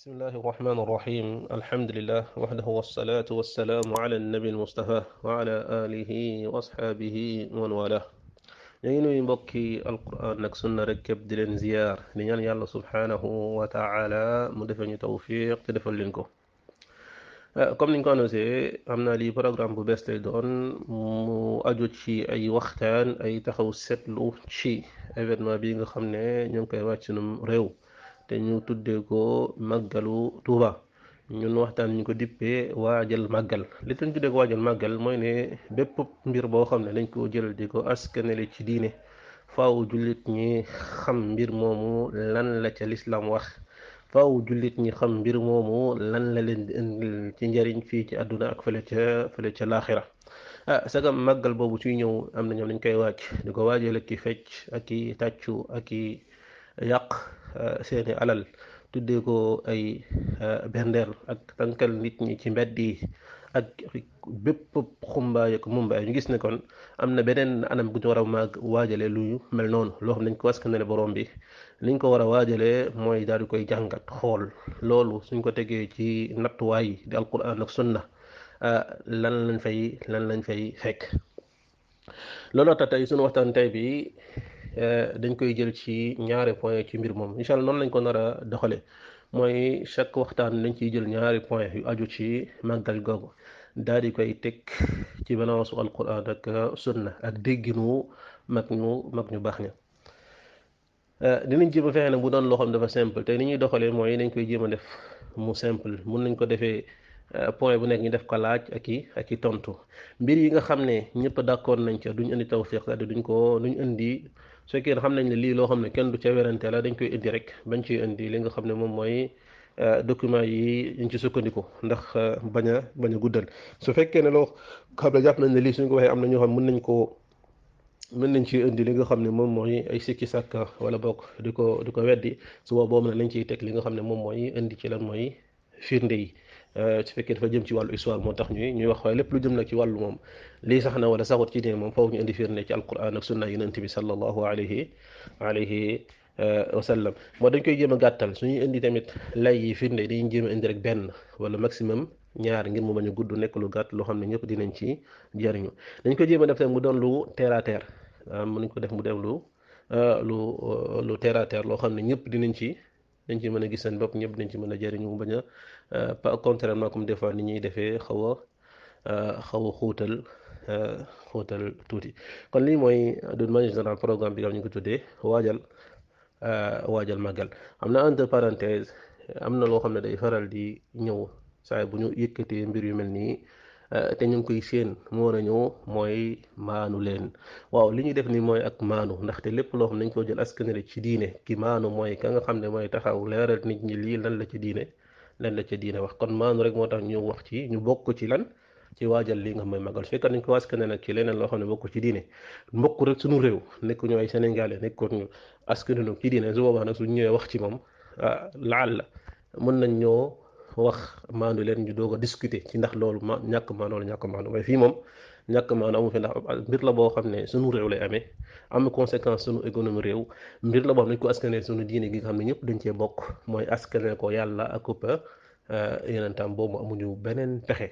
بسم الله الرحمن الرحيم الحمد لله وحده والصلاة والسلام على النبي المصطفى وعلى آله وأصحابه ومن والاه يين يبكي القرآن نكسن ركب دلن زيار لين يالله سبحانه وتعالى مدفن توفيق تدفن لنكو كم نكون نسي أمنا لي برنامج بس لدون مو أي وقتان أي تخو سبلو شي إذا ما بين خمنة نكون كيفاش نمرو te ñu tuddee ko màggalu Tuuba ñun waxtaan ñu ko dippee waajal màggal li tax ñu tuddee ko waajal màggal mooy ne bépp mbir boo xam ne dañ ko jël di ko askanale ci diine faw jullit ñi xam mbir moomu lan la ca lislaam wax faaw jullit ñi xam mbir moomu lan la leen ci njariñ fii ci àdduna ak fële ca fële ca laaxira ah sagam màggal boobu suy ñëw am na ñoom dañ koy waaj di ko waajal ak i fecc ak i tàccu ak i yàq euh, seeni alal tuddee ko ay euh, bendeel ak tànkal nit ñi ci mbedd yi ak bépp xumbaay ak mumbaay ñu gis ne kon am na beneen anam gu ñu war a maag waajale lu mel noonu loo xam ne dañ ko askanale borom bi liñ ko war a waajalee mooy daal di koy jàngat xool loolu suñ ko tegee ci nattuwaay yi di alquran ak sunna euh, lan lañ fay lan lañ fay fekk looloo tey suñu waxtaan tey bi Euh, dañ koy jël ci ñaari point ci mbir moom incha allah noonu lañ ko nar a doxale mooy chaque waxtaan lañ ciy jël ñaari point yu aju ci màggal googu daal di koy teg ci balance alquran ak euh, sunna ak dégginu mag ñu mag ñu baax ña euh, dinañ jéem a fexe ne bu doon loo xam dafa simple te ni ñuy doxalee mooy dañ koy jëm a def mu simple mun nañ ko defee point bu nekk ñu def ko laaj ak i ak i tontu mbir yi nga xam ne ñëpp d'accord nañ ca duñ indi tawfiq daal duñ ko duñ indi fekkee xam nañ ne lii loo xam ne kenn du ca werante la dañ koy indi rek bañ ciy indi li nga xam ne moom mooy euh, document yi ñu ci sukkandiku ndax euh, bañ a bañ a guddal su fekkee ne loo xam ne jàpp nañ ne lii suñ ko waxee am na ñoo xam mën nañ koo mën nañ ci indi li nga xam ne moom mooy ay sikki sàkk wala bokk di ko di ko weddi su boobu mën nañ ciy teg li nga xam ne moom mooy indi ci lan mooy firnde yi su euh, fekkee dafa jëm ci wàllu histoire moo tax ñuy ñuy wax waaye lépp lu jëm nag ci wàllu moom lii sax na wala saxut ci ne moom foofu ñu indi firnde ci alquran ak sunna yonent bi sallallahu alayhi alayhi euh, wasallam moo dañ koy jéem a gàttal suñuy indi tamit lay yi firnde dañuy jéem a indi rek benn wala maximum ñaar ngir mu bañ a gudd nekk lu gàtt loo xam ne ñëpp dinañ ci jariñu dañ ko jéem a def tamit mu doon lu terre à ah, mën nañ ko def mu dem lu euh, lu loo xam ne ñëpp dinañ ci dañ ci mën a gis seen bopp ñëpp dañ ci mën a jëriñu bañ a euh, pas contrairement comme des fois ni ñuy defee xaw a euh, xaw a xóotal euh, xóotal tuuti kon lii mooy d'une manière programme bi daal ñu ko tuddee waajal waajal màggal am na entre parenthèse am na loo xam ne day faral di ñëw saa bu ñu yëkkatee mbir yu mel nii Euh, te ñu ngi koy séen moo war a ñëw mooy maanu leen waaw li ñu def ni mooy ak maanu ndaxte lépp loo xam nañ koo jël askanale ci diine ki maanu mooy ka nga xam ne mooy taxaw leeral nit ñi lii lan la ci diine lan la ci diine wax kon maanu rek moo tax ñu wax ci ñu bokk ci lan ci waajal lii nga xam mooy magal su fekkee nañ ko askanale nag ci leneen loo xam ne bokk ci diine mbokk rek suñu réew nekk ñu ay sénégalais nekkoon ñu askanale ci diine su boobaa nag suñ ñëwee wax ci moom ah, laal la nañ ñoo wax maandu leen ñu doog a discuter ci ndax loolu ma ñàkk maandu wala ñàkk maandu mais fii moom ñàkk maandu amu fi ndax mbir la boo xam ne sunu réew lay amee am conséquence sunu économie réew mbir la boo xam ne ko askanee sunu diine gi nga xam ne ñëpp dañ cee bokk mooy askanee ko yàlla ak uppa yeneen tam boobu amuñu beneen pexe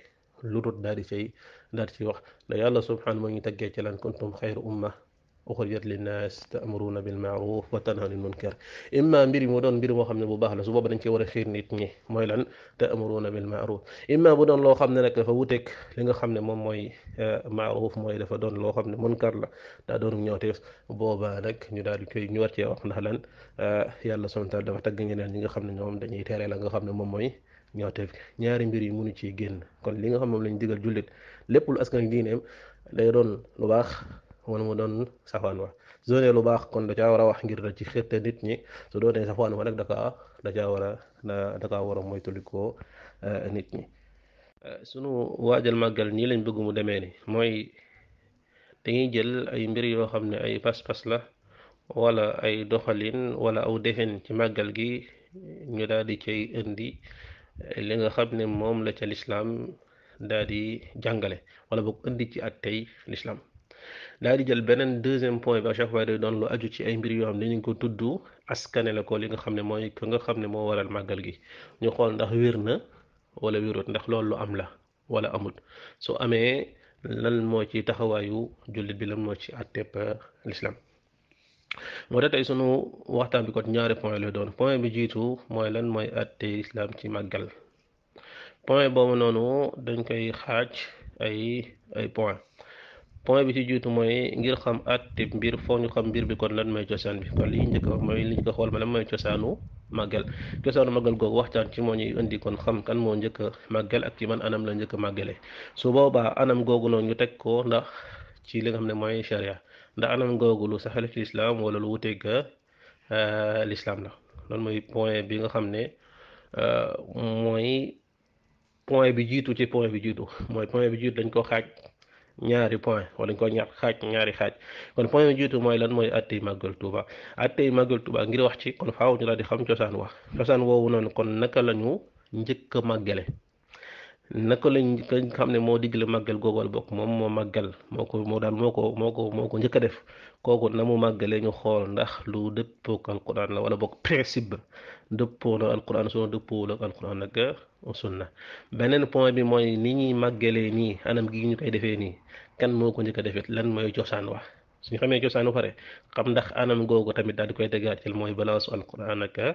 lu dut daal di cay daal di ciy wax da yàlla subhanahu ma ngi teggee ci lan kuntum xayru umma uxrijat linnaas ta'muruuna bil ma'ruuf wa tanhawna anil munkar imma mbir yi mu doon mbir moo xam ne bu baax la su booba dañ doon loo xam ne nag dafa wuteeg li nga xam ne moom mooy ma'ruuf mooy dafa la daa doon ñëwteef boobaa nag ñu daal di ñu war cee wax ndax lan yàlla subhaanahu wa dafa tagg ñeneen ñi nga xam ne ñoom dañuy tere la nga xam ne moom mooy ñëwteef ñaari mbir yi mënu ci génn kon li nga xam moom lañ digal jullit lépp lu askan diineem day doon lu baax wala mu doon safaan wa su doonee lu baax kon da caa war a wax ngir da ci xette nit ñi su doonee safaan wa nag da kaa da caa war a da war a moytulikoo eh, nit ñi eh, sunu waajal màggal nii lañ bëgg mu demee ni mooy dañuy jël ay mbir yoo xam ne ay pas-pas la walla ay doxalin wala aw defin ci màggal gi ñu daal di cay indi eh, li nga xam ne moom la ca lislaam daal di jàngale wala boog indi ci at tey lislaam daal di jël beneen deuxième point bi à chaque fois day doon lu aju ci ay mbir yoo am ne ñu ngi ko tudd askane la ko li nga xam ne mooy ki nga xam ne moo waral màggal gi ñu xool ndax wér na wala wérut ndax loolu lu am la wala amul su amee lan moo ci taxawaayu jullit bi lan moo ci àtteeb euh, lislaam moo tax tey sunu waxtaan bi kon ñaari point lay doon point bi jiitu mooy lan mooy àtte lislaam ci màggal point boobu noonu dañ koy xaaj ay ay point point bi ci jiitu mooy ngir xam àtte mbir foo ñu xam mbir bi kon lan mooy cosaan bi kon li njëkk wax mooy li ñu ko xool ma lan mooy cosaanu màggal cosaanu màggal googu waxtaan ci moo ñuy indi kon xam kan moo njëkk a ak ci man anam la njëkk màggale su boobaa anam googu noonu ñu teg ko ndax ci li xam ne mooy sharia ndax anam googu lu saxal ci lislaam wala lu wuteeg euh, lislaam la loolu mooy point bi nga xam ne euh, mooy point bi jiitu ci point bi jiitu mooy point bi jiitu lañ ko xaaj ñaari point wala ñu ko ñaar xaaj ñaari xaaj kon point yu jiitu mooy lan mooy attey màggal Tuuba attey màggal Tuuba ngir wax ci kon faaw ñu la di xam cosaan wax cosaan woowu noonu kon naka la ñu njëkk a màggale naka lañ ka xam ne moo digle màggal googu bokk moom moo màggal moo ko moo daal moo ko moo moo ko njëkk def kooku na mu màggalee ñu xool ndax lu dëppoo ak alquran la wala bokk principe ba dëppoo na alquran sunna dëppoo la alquran ak uh, sunna beneen point bi mooy ni ñuy màggalee nii anam gi ñu koy defee nii kenn moo ko njëkk defee lan mooy cosaan wax ñu xamee cosaan bu pare xam ndax anam googu tamit daal di koy dëgaatal mooy balaasu alquran ak uh,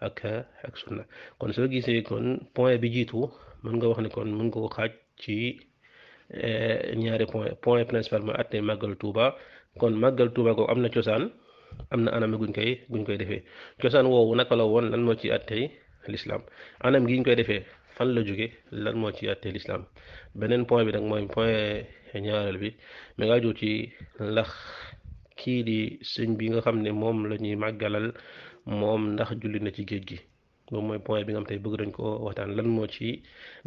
ak ak sunna kon soo gisee kon point bi jiitu mën nga wax ne kon mën nga koo xaaj ci eh, ñaari point point principal mooy atte màggal Tuuba kon màggal Tuuba ko am na cosaan am na anam guñ koy guñ koy defee cosaan woowu naka la woon lan moo ci attey lislaam anam gi ñu koy defee fan la jóge lan moo ci attey lislaam beneen point bi nag mooy point ñaareel bi mi nga jur ci ndax kii di sëñ bi nga xam ne moom la ñuy màggalal moom ndax julli na ci géej gi boobu mooy point bi nga xam tey bëgg dañ ko waxtaan lan moo ci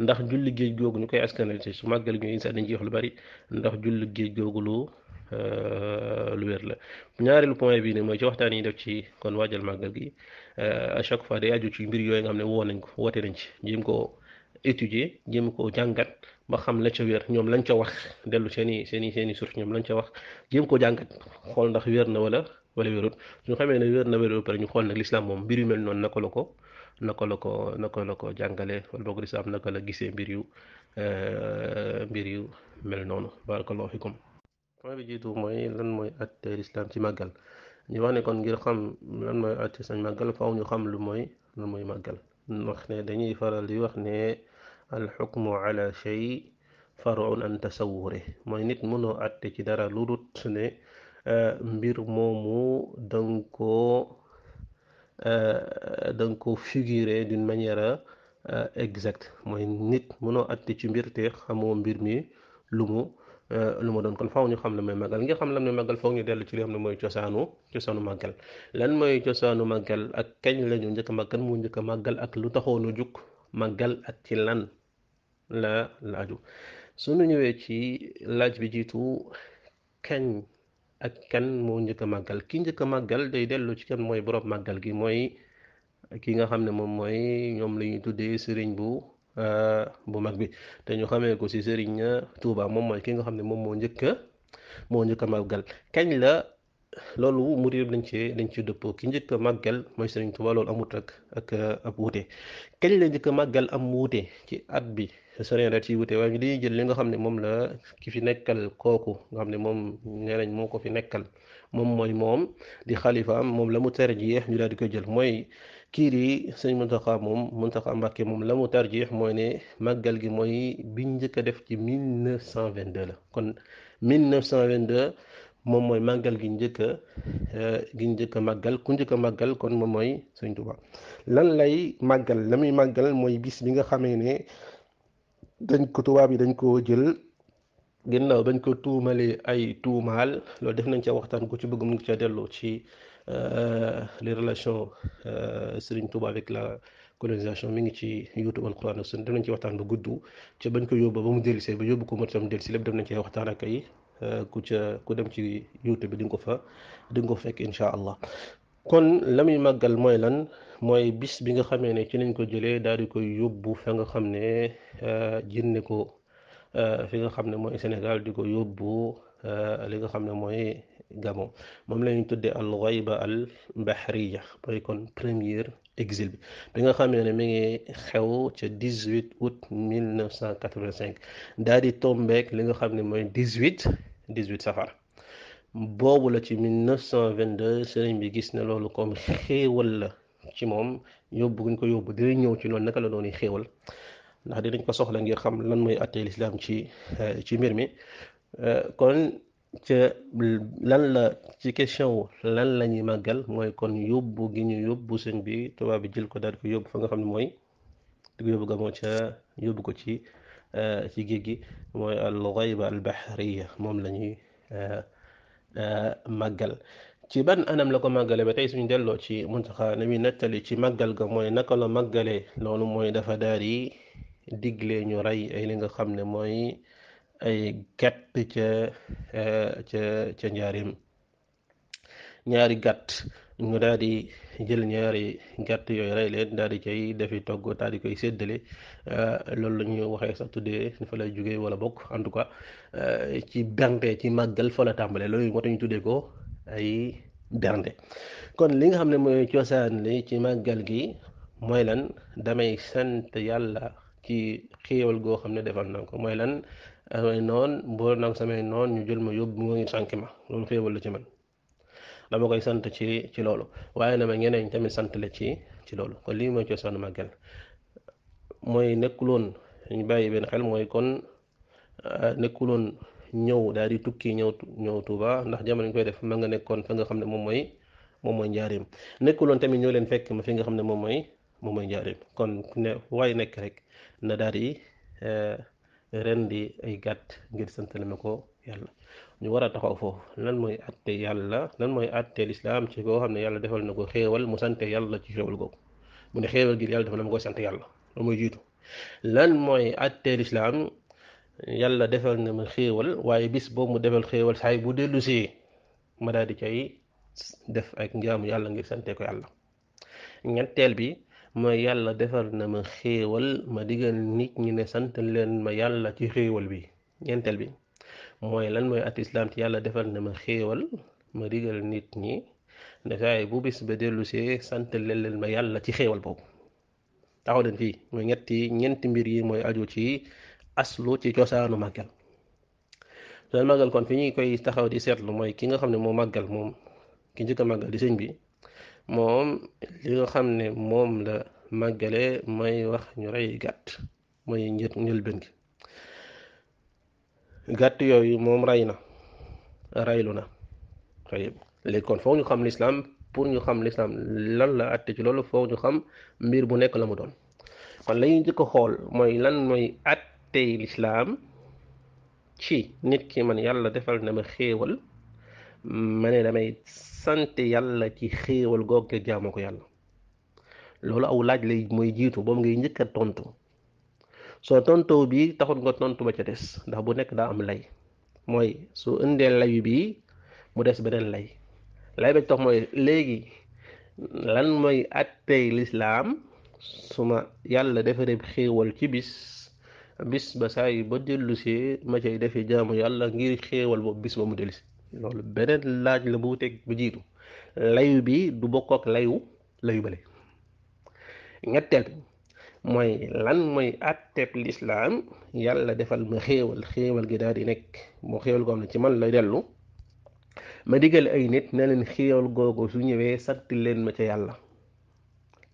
ndax julli géej googu ñu koy askanal ci su màggal gi insa dañ ci wax lu bari ndax julli géej googu lu euh, lu wér la ñaareelu point bi ne mooy ci waxtaan yi def ci kon waajal màggal gi euh, à chaque fois day aju ci mbir yooyu nga xam ne woo nañ ko woote nañ ci jéem koo étudier jéem koo jàngat ba xam la ca wér ñoom lañ ca wax dellu seen i seen i seen i ñoom lañ ca wax jéem koo jàngat xool ndax wér na wala wala wérut suñu xamee ne wér na wérut pare ñu xool nag l'islam moom mbir yu mel noonu naka la ko naka la ko naka la ko jàngale wala boog l'islam naka la gisee mbir yu mbir yu mel noonu barakallahu fikum point bi jiitu mooy lan mooy atte l'islam ci màggal ñu wax ne kon ngir xam lan mooy atte sañ màggal faaw ñu xam lu mooy lan mooy màggal wax ne dañuy faral di wax ne al xukmu ala shay farun an tasawure mooy nit mënoo atte ci dara lu dut ne Eh, mbir moomu danga koo eh, danga ko figurer d'une manière eh, exacte mooy nit mënoo atte ci mbir te xamoo mbir mi lu mu lu mu doon kon faaw ñu xam la mooy màggal nga xam la mooy ñu dellu ci li mooy cosaanu cosaanu màggal lan mooy cosaanu màggal ak kañ la njëkk a màggal njëkk a màggal ak lu taxoonu jug màggal ak ci lan la laaju su ñu ñëwee ci laaj bi jiitu kañ ak kan moo njëkk a màggal ki njëkk a màggal day dellu ci kan mooy borom màggal gi mooy ki nga xam ne moom mooy ñoom la ñuy tuddee sëriñ bu euh, bu mag bi te ñu xamee ko ci sëriñ euh, Touba moom mooy ki nga xam ne moom moo njëkk moo njëkk a màggal kañ la loolu murid dañ cee dañ ci dëppoo ki njëkk a màggal mooy sëriñ Touba loolu amut ak ak euh, ab wuute kañ la njëkk a màggal am wuute ci at bi soree na ci wute waaye ñu di jël li nga xam ne moom la ki fi nekkal kooku nga xam ne moom nee moo ko fi nekkal moom mooy moom di xalifaam moom la mu tarjiix ñu daal di ko jël mooy kii di sëñ Muntaxa moom Muntaxa Mbàkke moom la mu tarjiix mooy ne màggal gi mooy biñ njëkk a def ci 1922 la kon 1922 moom mooy màggal gi njëkk a eh, gi njëkk a màggal ku njëkk a màggal kon moom mooy sëñ Tuubaa lan lay màggal la muy màggal mooy bis bi nga xamee ne dañ ko tubaab yi dañ koo jël ginnaaw bañ ko tuumalee ay tuumaal loolu def nañ ca waxtaan ku ci bëgg mu ngi ca delloo ci euh, les relation euh, Serigne Touba avec la colonisation mi ngi ci youtube alquran ak sunna def nañ ci waxtaan ba gudd ca bañ ko yóbbu ba mu dellisee ba yóbbu ko mu tam dellusi lépp def na ci waxtaan ak ay euh, ku ca ku dem ci youtube bi di nga ko fa di nga ko fekk incha allah kon lamuy magal moy lan moy bis bi nga xamé ne ci lañ ko jëlé daal di koy yóbbu fa nga xamné euh jinné ko euh fi nga xamné moy Sénégal di ko yóbbu euh li nga xamné moy gamo mom moom tuddé al ghaiba al bahriya mooy kon premier exil bi bi nga xamné ne mi ngi xew ci 18 août 1985 daal di ak li nga xamné moy 18 18 safar. boobu la ci 1922 sëriñ bi gis ne loolu comme xéewal la ci moom yóbbu guñ ko yóbbu dinañ ñëw ci loolu naka la doon xéewal ndax dinañ ko soxla ngir xam lan mooy àttee lislaam ci eh, ci mbir mi eh, kon ca lan la ci question lan lañuy ñuy màggal mooy kon yóbbu gi ñu yóbbu sëñ bi tubaab bi jël ko daal ko yóbbu fa nga xam ne mooy di ko yóbbu ga moo ca yóbbu ko ci eh, ci géej gi mooy al ghayba moom lañuy Eh, màggal ci ban anam la ko màggale ba tey suñu delloo ci muntaxa na mi nettali ci màggal ga mooy naka loo màggalee loolu mooy dafa daal di digle ñu rey ay li nga xam ne mooy ay gàtt eh, ca ca ca njaarim ñaari gàtt ñu daal di jël ñaari gerte yooyu rey leen daal di cay defi togg daal di koy séddale euh, loolu la ñuy waxee sax tuddee fa lay jógee wala bokk en tout cas euh, ci bernde ci màggal fa la tàmbale loolu moo tax tuddee ko ay bernde kon li nga xam ne mooy cosaan li ci màggal gi mooy lan damay sant yàlla ci xéewal goo xam ne defal na ko mooy lan amay noon boo nag samay noon ñu jël ma yóbbu mu ngi sànk ma loolu xéewal la ci man dama koy sant ci ci loolu waaye na ma ñeneen tamit sant la ci ci loolu kon lii mooy cosaanu màggal mooy nekkuloon ñu bàyyi benn xel mooy kon ah, nekkuloon ñëw daal di tukki ñëw ñëw Tuuba ndax jamono ñu koy def ma nga nekkoon fa nga xam ne moom mooy moom mooy njaareem nekkuloon tamit ñoo leen fekk ma fi nga xam ne moom mooy moom mooy njaareem kon ne waay nekk rek na daal di eh, rendi ay gàtt ngir santale ma ko yàlla ñu war a taxaw foofu lan mooy atte yàlla lan mooy atte lislaam ci koo xam ne yàlla defal na ko xéewal mu sante yàlla ci xéewal googu mu ne xéewal gi yàlla defal na ma koy sant yàlla loolu lan mooy atte yàlla defal na ma xéewal waaye bis boobu mu defal xéewal saay bu dellu si ma daal di cay def ak njaamu yàlla ngir sante yàlla ñetteel bi mooy yàlla defal na ma xéewal ma digal nit ñi ne sant leen ma yàlla ci xéewal bi ñeenteel bi mooy lan mooy at islam ci yàlla defal na ma xéewal ma digal nit ñi ne bu bis ba dellusee sant leen leen ma yàlla ci xéewal boobu taxaw leen fii mooy ñetti ñeenti mbir yi mooy aju ci aslu ci cosaanu màggal soo màggal kon fi ñu koy taxaw di seetlu mooy ki nga xam ne moo màggal moom ki njëkk a màggal di sëñ bi moom li nga xam ne moom la màggale mooy wax ñu rey gàtt mooy njët njëlbeen gi gàtt yooyu moom rey na reylu na ayib léegi kon foog ñu xam lislaam pour ñu xam lislaam lan la àtte ci loolu foog ñu xam mbir bu nekk la mu doon kon lañuy ñuy njëkk a xool mooy lan mooy àttey lislaam ci nit ki man yàlla defal na ma xéewal ma ne damay sant yàlla ci xéewal googu jaamoo ko yàlla loolu aw laaj lay mooy jiitu boobu ngay njëkk tontu soo tontoo bii taxut nga tontu ba ca des ndax bu nekk daa am lay mooy su indee layu bii mu des beneen lay lay ba tax mooy léegi lan mooy attey lislaam su ma yàlla defaree xéewal ci bis bis ba saa yi ba dellusee ma cay defee jaamu yàlla ngir xéewal boobu bis ba mu dellusi loolu beneen laaj la bu teg bu jiitu layu bi du bokk ak layu layu bale ñetteel mooy lan mooy atteb lislaam yàlla defal ma xéewal xéewal gi daal yi nekk moo xéewal goo xam ci man lay dellu ma digal ay nit ne leen xéewal googu su ñëwee sant leen ma ca yàlla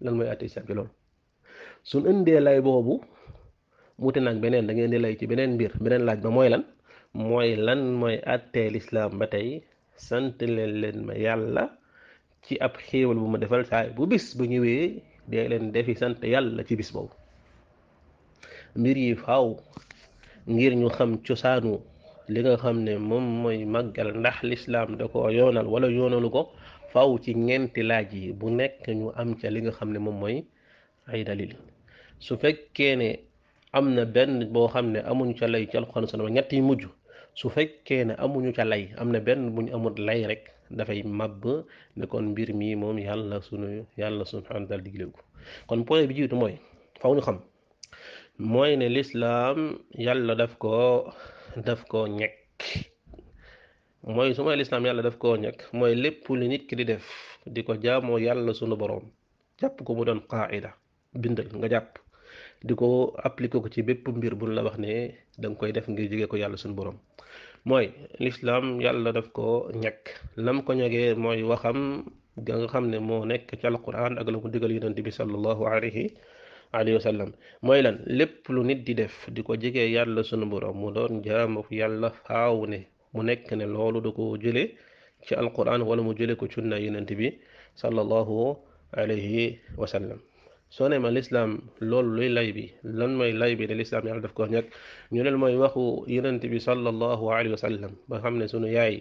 lan mooy atte lislaam indee lay boobu muute nag beneen da ngeen di ci beneen mbir beneen laaj ba mooy lan mooy lan mooy attee lislaam ba tey sant leen leen ma yàlla ci ab xéewal bu ma defal saay bu bis ba ñëwee dee leen defi sant yàlla ci bis boobu mbir yi faw ngir ñu xam cosaanu li nga xam ne moom mooy màggal ndax lislaam da ko yoonal wala yoonalu ko faw ci ñeenti laaj yi bu nekk ñu am ca li nga xam ne moom mooy ay dalil su fekkee ne am na benn boo xam ne amuñu ca lay ci alxuraan sama mujj su fekkee ne amuñu ca lay am na benn bu ñu amul lay rek dafay màbb ne kon mbir mii moom yàlla sunu yàlla subhaanahu taala digle ko kon point bi jiitu mooy faw ñu xam mooy ne lislaam yàlla daf koo daf koo ñekk mooy su may yàlla daf koo ñekk mooy lépp lu nit ki di def di ko jaamoo yàlla sunu boroom jàpp ko mu doon qaida bindal nga jàpp di ko appliquer ko ci bépp mbir bu la wax ne danga koy def ngir jóge ko yàlla sunu boroom mooy lislaam yàlla def ko ñàkk lam ko ñagee mooy waxam ga nga xam ne moo nekk ci alquran ak la ko digal yonent bi sallallahu alayhi alayhi wa sallam mooy lan lépp lu nit di def di ko jegee yàlla sunu borom mu doon jaamu yàlla faaw ne mu nekk ne loolu du ko jële ci alquran wala mu jële ko sunna yonent bi sallallahu alayhi wa soo ma lislaam lool luy lay bi lan mooy lay bi de lislaam yàlla daf ko ñàkk ñu leen mooy waxu yonent bi sallallahu alayhi wa sallam ba xam ne sunu yaay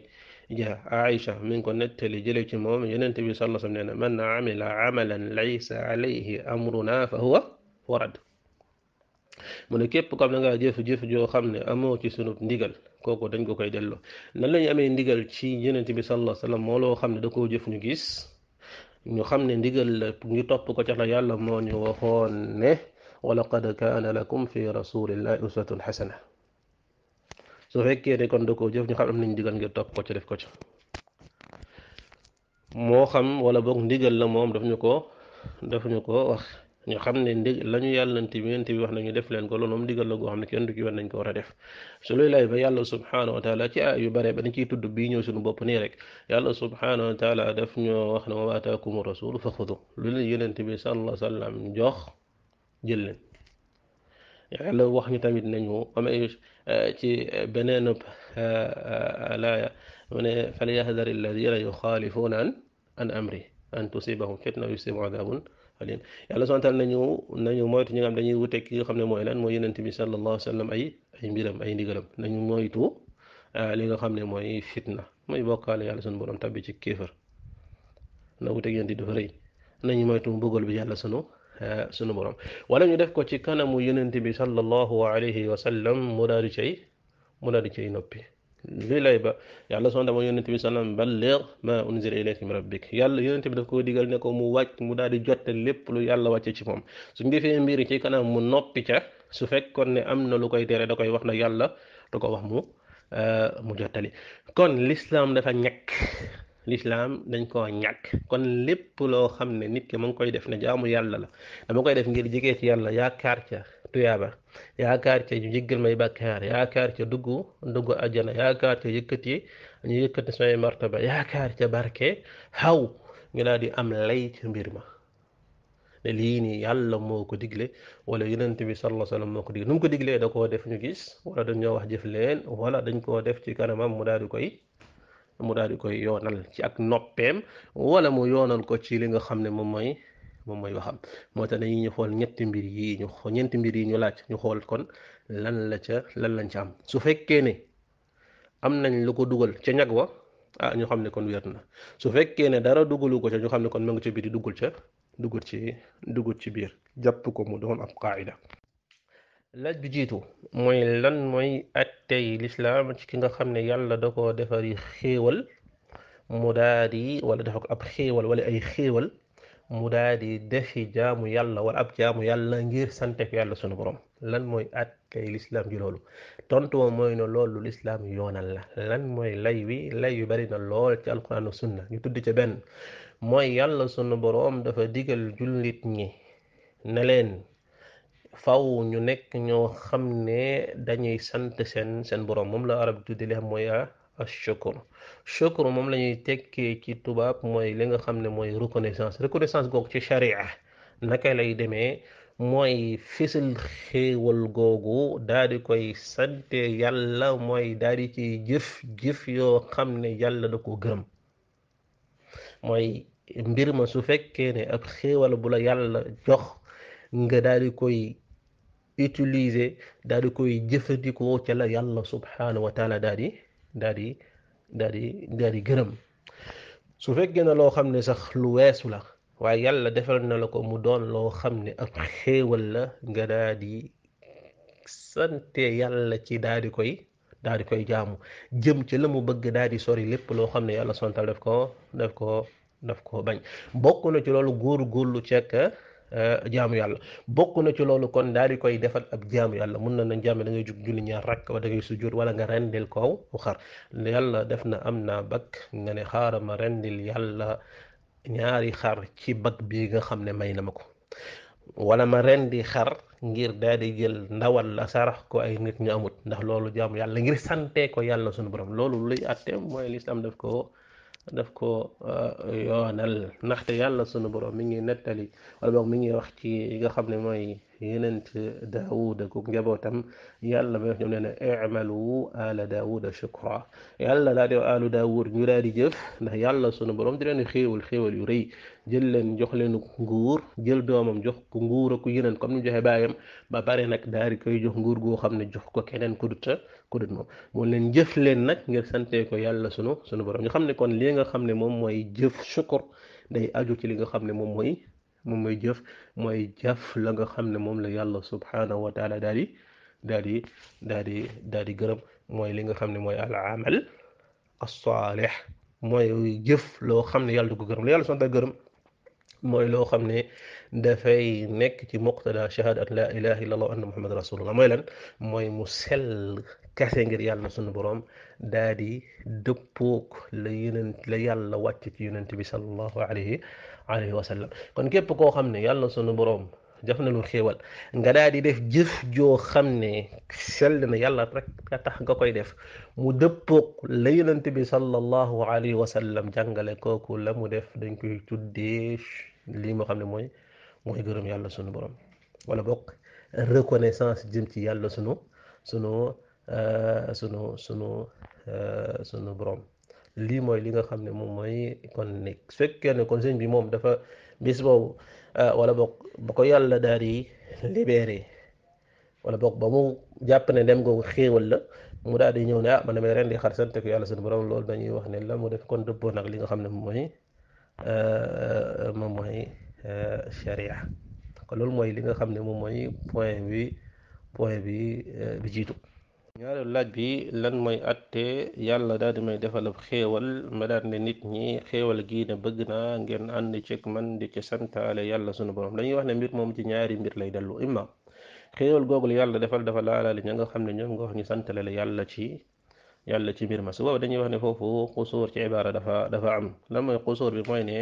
ja Aïcha mi ngi ko nettali jële ci moom yonent bi sallallahu alayhi wa sallam nee na man amila amalan laysa alayhi amruna fa huwa warad mu ne képp comme da ngaa jëf joo xam ne amoo ci sunu ndigal kooku dañ ko koy delloo nan la ñu amee ndigal ci yonent bi sallallahu alayhi wa sallam moo loo xam ne da ko jëf ñu gis ñu xam ne ndigal la ñu topp ko ca la yàlla moo ñu waxoon ne walaqad kaana lakum fi rasulillahi uswatun xasana su fekkee ne kon da koo jëf ñu xam am nañ ndigal ngir topp ko ca def ko ca moo xam wala boog ndigal la moom daf ñu ko daf ñu ko wax ñu xam ne ndig la ñu yàllante bi bi wax nañu def leen ko loolu moom digal la goo xam ne kenn du ci war nañ ko war a def su luy lay ba yàlla subhaanahu wa ci ay yu bare ba dañ ciy tudd bii ñëw suñu bopp nii rek yàlla subhaanahu wa taala daf ñoo wax ne wa maa aataakumu rasul fa xudu lu leen yonent bi sallallahu alayhi wa sallam jox jël leen wax ñu tamit nañu ama eh, ci beneenub eh, eh, laaya mu ne falyahdari alladina yuxaalifuuna an amri an tusibahum fitna yusibahum adabun xalil yàlla subhaanahu wa taala nañu nañu moytu ñi nga xam dañuy wuteeg ki nga xam ne mooy lan mooy yonent bi sallallahu alayhi wa sallam ay biram ay mbiram ay ndigalam nañu moytu ah, li nga xam ne mooy fitna mooy bokkaale yàlla sunu borom tabbi ci kéefër na wuteeg yonent dafa rëy nañu moytu mbugal bi yàlla sunu ah, sunu borom wala ñu def ko ci kanamu yonent bi sallallahu alayhi wa sallam mu daal di cay mu daal di cay noppi. luy lay ba yàlla soo dama yonent bi salaam balligh ma unzila ilayka min rabbik yàlla yonent bi daf ko digal ne ko mu wàcc mu daal di jotte lépp lu yàlla wàcce ci moom suñ defee mbiri ci kanam mu noppi ca su fekkoon ne am na lu koy tere da koy wax na yàlla da ko wax mu euh, mu jottali kon l'islam dafa ñàkk lislaam dañ koo ñàkk kon lépp loo xam ne nit ki ma ngi koy def ne jaamu yàlla la dama koy def ngir jigee ci yàlla yaakaar ca tuyaaba yaakaar ca ñu jéggal may bàkkaar yaakaar ca dugg dugg ajjana yaakaar ca yëkkati ñu yëkkati samay martaba xaw ngi daal am lay ca mbir ma ne lii nii yàlla moo ko digle wala yonent bi sallallahu alayhi wasallam moo ko digle nu ko diglee da koo def ñu gis wala dañoo wax jëf leen wala dañ koo def ci kanamam mu daal koy mu daal di koy yoonal ci ak noppeem wala mu yoonal ko ci li nga xam ne moom mooy moom mooy waxam moo tax dañuy ñu xool ñetti mbir yi ñu ñeenti mbir yi ñu laaj ñu xool kon lan la ca lan lañ ca am su fekkee ne am nañ lu ko dugal ca ñag wa ah ñu xam ne kon wér na su fekkee ne dara dugalu ko ca ñu xam ne kon ma ngi ca biir duggul ca duggul ci duggul ci biir jàpp ko mu doon ab qaayida laaj bi jiitu mooy lan mooy attey lislaam ci ki nga xam ne yàlla da ko defari xéewal mu daa di wala dafa ab xéewal wala ay xéewal mu daa di defi jaamu yàlla wala ab jaamu yàlla ngir santek yàlla sunu borom lan mooy attey lislaam ji loolu tontu mooy ne loolu lislaam yoonal la lan mooy lay wi lay wi bari na lool ci alquran ak sunna ñu tudd ci benn mooy yàlla sunu borom dafa digal jullit ñi ne leen faw ñu nekk ñoo xam ne dañuy sant seen seen borom moom la arab tudde li xam mooy ashukur shukur moom lañuy ñuy tekkee ci tubaab mooy li nga xam ne mooy reconnaissance reconnaissance googu ci sharia naka lay demee mooy fisal xéewal googu daa di koy sante yàlla mooy daa di ciy jëf jëf yoo xam ne yàlla da ko gërëm mooy mbir ma su fekkee ne ab xéewal bu la yàlla jox nga daal koy utiliser daal di koy jëfandikoo ca la yàlla subhanahu wa taala daal di daal di daal di daal di gërëm su fekkee na loo xam ne sax lu weesu la waaye yàlla defal na la ko mu doon loo xam ne ab xéewal la nga daal di sante yàlla ci daal di koy daal di koy jaamu jëm ci la mu bëgg daal di sori lépp loo xam ne yàlla sontal daf ko daf ko daf ko bañ bokk na ci loolu góor góorlu cekk Euh, jaamu yàlla bokk na ci loolu kon daal di koy defal ab jaamu yàlla mun na nañ jaamu da ngay jug julli ñaar rakk wala da ngay sujjóot wala nga rendil kow mu xar yàlla def na am naa bakk nga ne xaaral ma rendil yàlla ñaari xar ci bakk bi nga xam ne may na ma ko wala ma rendi xar ngir daal di jël ndawal la sarax ko ay nit ñu ndax loolu jaamu yàlla ngir sante ko yàlla sunu borom loolu luy àtte mooy lislaam daf ko def ko euh, yoonal ndaxte yàlla sunu borom mi ngi nettali wala boog mi ngi wax ci yi nga xam ne mooy yenent daawuda ku njabootam yàlla may wax ñoom nee na imalu ala daawuda shukra yàlla laa dew alu daawud ñu daal di jëf ndax yàlla sunu borom di leen xéewal xéewal yu rëy jël leen jox leen nguur jël doomam jox ko nguur ak ku yeneen comme ni joxe baayam ba pare nag daal di koy jox nguur goo xam ne jox ko keneen ku dut ku dut moom moo leen jëf leen nag ngir sante ko yàlla sunu sunu borom ñu xam ne kon li nga xam ne moom mooy jëf shukur day aju ci li nga xam ne moom mooy moom mooy jëf mooy jëf la nga xam ne moom la yàlla subhaanahu wa taala daal di daal di daal di gërëm mooy li nga xam ne mooy al amal as-saalih mooy jëf loo xam ne yàlla du ko gërëm la yàlla sant gërëm mooy loo xam ne dafay nekk ci muqtada shahadat la ilaha illa allah anna muhammad rasulullah mooy lan mooy mu sel kase ngir yàlla sunu borom daa di dëppoog la yeneen la yàlla wàcc ci yonent bi sallallahu alayhi alayhi wa sallam kon képp koo xam ne yàlla sunu boroom jëf na lu xéewal nga daal di def jëf joo xam ne sell na yàlla rek nga tax nga koy def mu dëppoog la yonent bi sallallahu alayhi wa sallam jàngale kooku la mu def dañ koy tuddee lii moo xam ne mooy mooy gërëm yàlla sunu borom wala bokk reconnaissance jëm ci yàlla sunu sunu sunu sunu sunu borom lii mooy li nga xam ne moom mooy kon ne su fekkee ne kon sëñ bi moom dafa bis boobu ah, wala boog ba ko yàlla daal di libéré wala boog ba mu jàpp ne dem googu xéewal la mu daal di ñëw ne ah man damay ren di xar sant ko yàlla suñu borom dañuy wax ne la mu def kon dëppoo nag li nga xam ne moom mooy ah, moom mooy ah, sharia kon loolu mooy li nga xam ne moom mooy point bi point bi bi jiitu. ñaareelu laaj bi lan mooy atte yàlla daal di may defal ab xéewal ma daan ne nit ñi xéewal gii ne bëgg na ngeen ànd cek man di ci santaale yàlla sunu borom dañuy wax ne mbir moom ci ñaari mbir lay dellu imma xéewal googu yàlla defal dafa laalaale ña nga xam ne ñoom nga wax ñu santale la yàlla ci yàlla ci mbir ma su boobu dañuy wax ne foofu xusuur ci ibaara dafa dafa am lan mooy xusuur bi mooy ne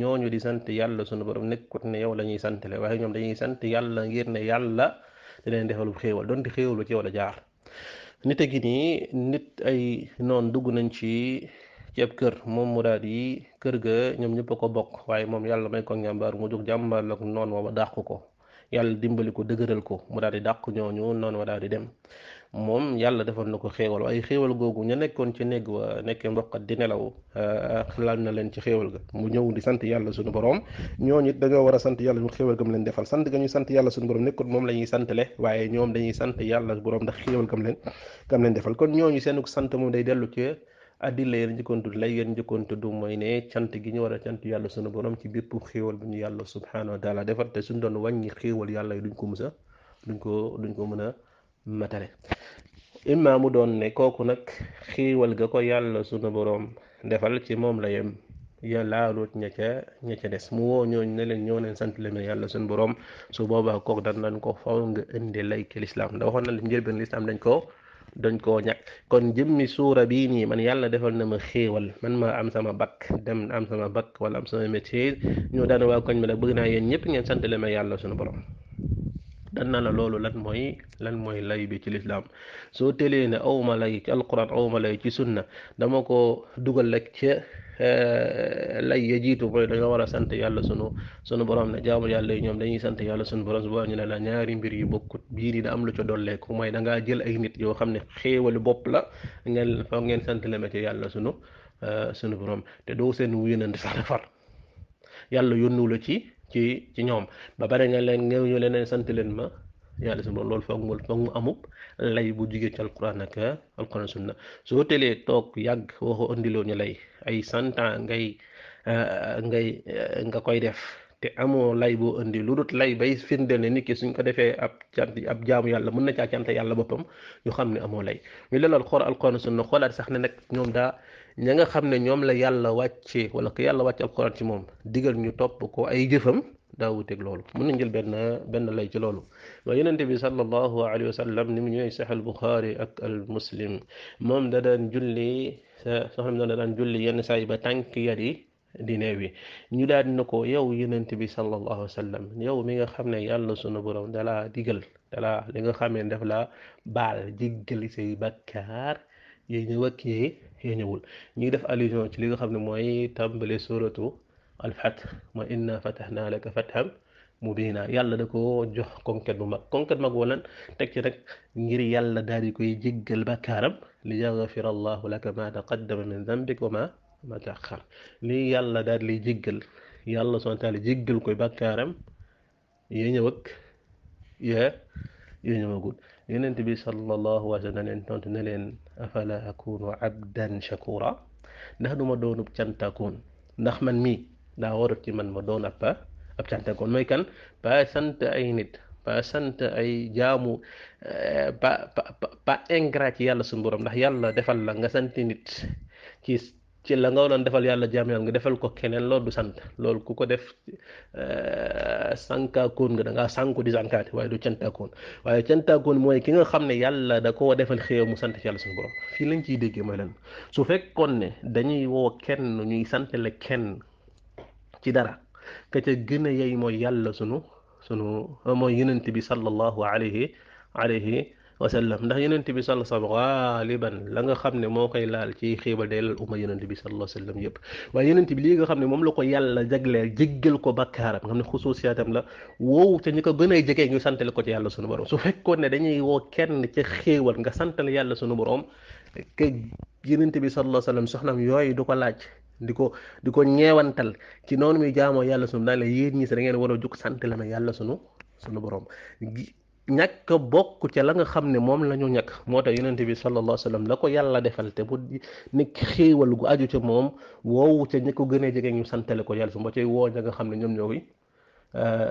ñooñu di sant yàlla sunu borom nekkut ne yow la ñuy santale waaye ñoom dañuy sant yàlla ngir ne yàlla da leen defalub xéewal donte xéewal ba ci yow la jaar nit a gi nit ay noon dugg nañ ci ceeb kër moom mu daal di kër ga ñoom ñëpp ko bokk waaye moom yàlla may ko njàmbaar mu jóg jàmbaar la noon wa dàq ko yàlla dimbali ko dëgëral ko mu daal di dàq ñooñu noon wa daal di dem moom yàlla defoon na ko xéewal waaye xéewal googu ña nekkoon ci néeg wa nekkee mboqat di nelaw euh, xalaat na leen ci xéewal ga mu ñëw di sant yàlla suñu borom ñooñu it dañoo war a sant yàlla mu xéewal gam leen defal sant ga ñu sant yàlla suñu borom nekkul moom la ñuy santale waaye ñoom dañuy sant yàlla borom ndax xéewal gam leen gam leen defal kon ñooñu seen sant moom day dellu ci addila yéen njëkkoon tudd lay yéen njëkkoon tudd mooy ne sant gi ñu war a sant yàlla sunu borom ci bépp xéewal bu ñu yàlla subhanahu wa taala defal te suñu doon wàññi xéewal yàlla yi duñ ko mës duñ ko duñ ko mën a matale imma mu doon ne kooku nag xiiwal ga ko yàlla sunu boroom defal ci moom la yem ya laalut ña ca ña ca des mu woo ñooñ ne leen ñoo leen sant leen yàlla suñu borom su boobaa kook dan nañ ko faw nga indi lay ki lislaam da waxoon na li njëlbeen lislaam dañ ko dañ koo ñàkk kon jëmmi suura bii nii man yàlla defal na ma xéewal man ma am sama bakk dem am sama bakk wala am sama métier ñu daan waa koñ mi la bëgg naa yéen ñëpp ngeen sant leen yàlla suñu borom dan na la loolu lan mooy lan mooy lay bi ci lislaam soo teelee ne awma lay ci alquran awma lay ci sunna dama ko dugal rek ca eh, lay ya jiitu mooy da nga war a sant yàlla sunu sunu borom ne jaamu yàlla ñoom dañuy sant yàlla sunu borom ñu ne la ñaari mbir yu bokkut biir yi da am lu ca dolleeku mooy da ngaa jël ay nit yoo xam ne xéewalu bopp la ngeen foog ngeen sant la ma yàlla sunu eh, sunu borom te doo seen wuyunante sax defar yàlla yónnu la ci ci ci ñoom ba pare nga leen ngeew ñu leen sant leen ma yàlla suñu loolu foog mu foog mu amub lay bu jugee ci alquran ak alquran sunna soo telee toog yàgg waxoo andiloo ñu lay ay santan ngay euh, ngay euh, nga koy def te amoo lay boo indi lu dut lay bay firndeel ne nit ki suñ ko defee ab cant ab jaamu yàlla mën na caa cante yàlla boppam ñu xam ne amoo lay ñu leen loolu xool alquran sunna xoolaat sax ne nag ñoom daa ña nga xam ne ñoom la yàlla wàcce wala ko yàlla wàcce alxuraan ci moom digal ñu topp ko ay jëfam daa wuteeg loolu mun na jël benn benn lay ci loolu waaye yonente bi sallallahu alayhi wa sallam ni mu ñëwee sax al buxaari ak al muslim moom da daan julli soxna da daan julli yenn saa yi ba tànk yar yi di neewi ñu daal na ko yow yonente bi sallallahu alayhi wa sallam yow mi nga xam ne yàlla sunu borom dalaa digal dalaa li nga xam ne def la baal jéggali say bakkaar yéen a ñëwul ñu def allusion ci li nga xam ne mooy tàmbale suratu alfath mooy inna fatahna laka fatham mubina yàlla da ko jox conquête bu mag conquête mag wala teg rek ngir yàlla daal di koy jéggal bakkaaram li yaghfira allahu laka ma taqaddama min dambik wa ma ma taaxar li yàlla daal di lay yàlla subhaanahu wa taala jéggal koy bakkaaram ya ñëw ak ya ya ñëwagul yonent bi sallallahu alayhi wa tontu na leen afala akunu abdan shakura ndax du ma doonub cantakoon ndax man mi daa warut ci man ma doon ab ab cantakoon mooy kan ba sant ay nit ba sant ay jaamu eh, ba ba ingrat ci yàlla suñu borom ndax yàlla defal la nga sant nit ci ci la nga doon defal yàlla jaam nga defal ko keneen loolu du sant loolu ku ko def euh, sànkaakoon nga da ngaa di sànkaati waaye du cantaakoon waaye cantaakoon mooy ki nga xam ne yàlla da koo defal xéew mu sant ci yàlla suñu borom fii lañ ciy déggee mooy leen su fekkoon ne dañuy woo kenn ñuy santale kenn ci dara ka ca gën a mooy yàlla sunu sunu mooy yonent bi sallallahu alayhi alayhi wasallam ndax yonent bi salla sallam xaaliban la nga xam ne moo koy laal ci xiiba day lal uma yonent bi salla sallam yëpp waaye yonent bi lii nga xam ne moom la ko yàlla jagleel jéggal ko bakkaaram nga xam ne xusuusiyaatam la wow te ñu ko gën a jegee ñu santale ko ci yàlla sunu borom su fekkoon ne dañuy woo kenn ci xéewal nga santal yàlla sunu borom ke yonent bi salla sallam soxnam yooyu du ko laaj di ko di ko ñeewantal ki noonu muy jaamoo yàlla su daan la yéen ñi si da ngeen war a jug santale ma yàlla sunu nu borom ñàkk bokk ca la nga xam ne moom la ñu ñàkk moo tax yonent bi sallallahu alayhi wa la ko yàlla defal te bu nekk xéewal gu aju ca moom woowu ca ñi ko gën a jege ñu santale ko yàlla su ma cay woo ña nga ne ñoom ñooy euh,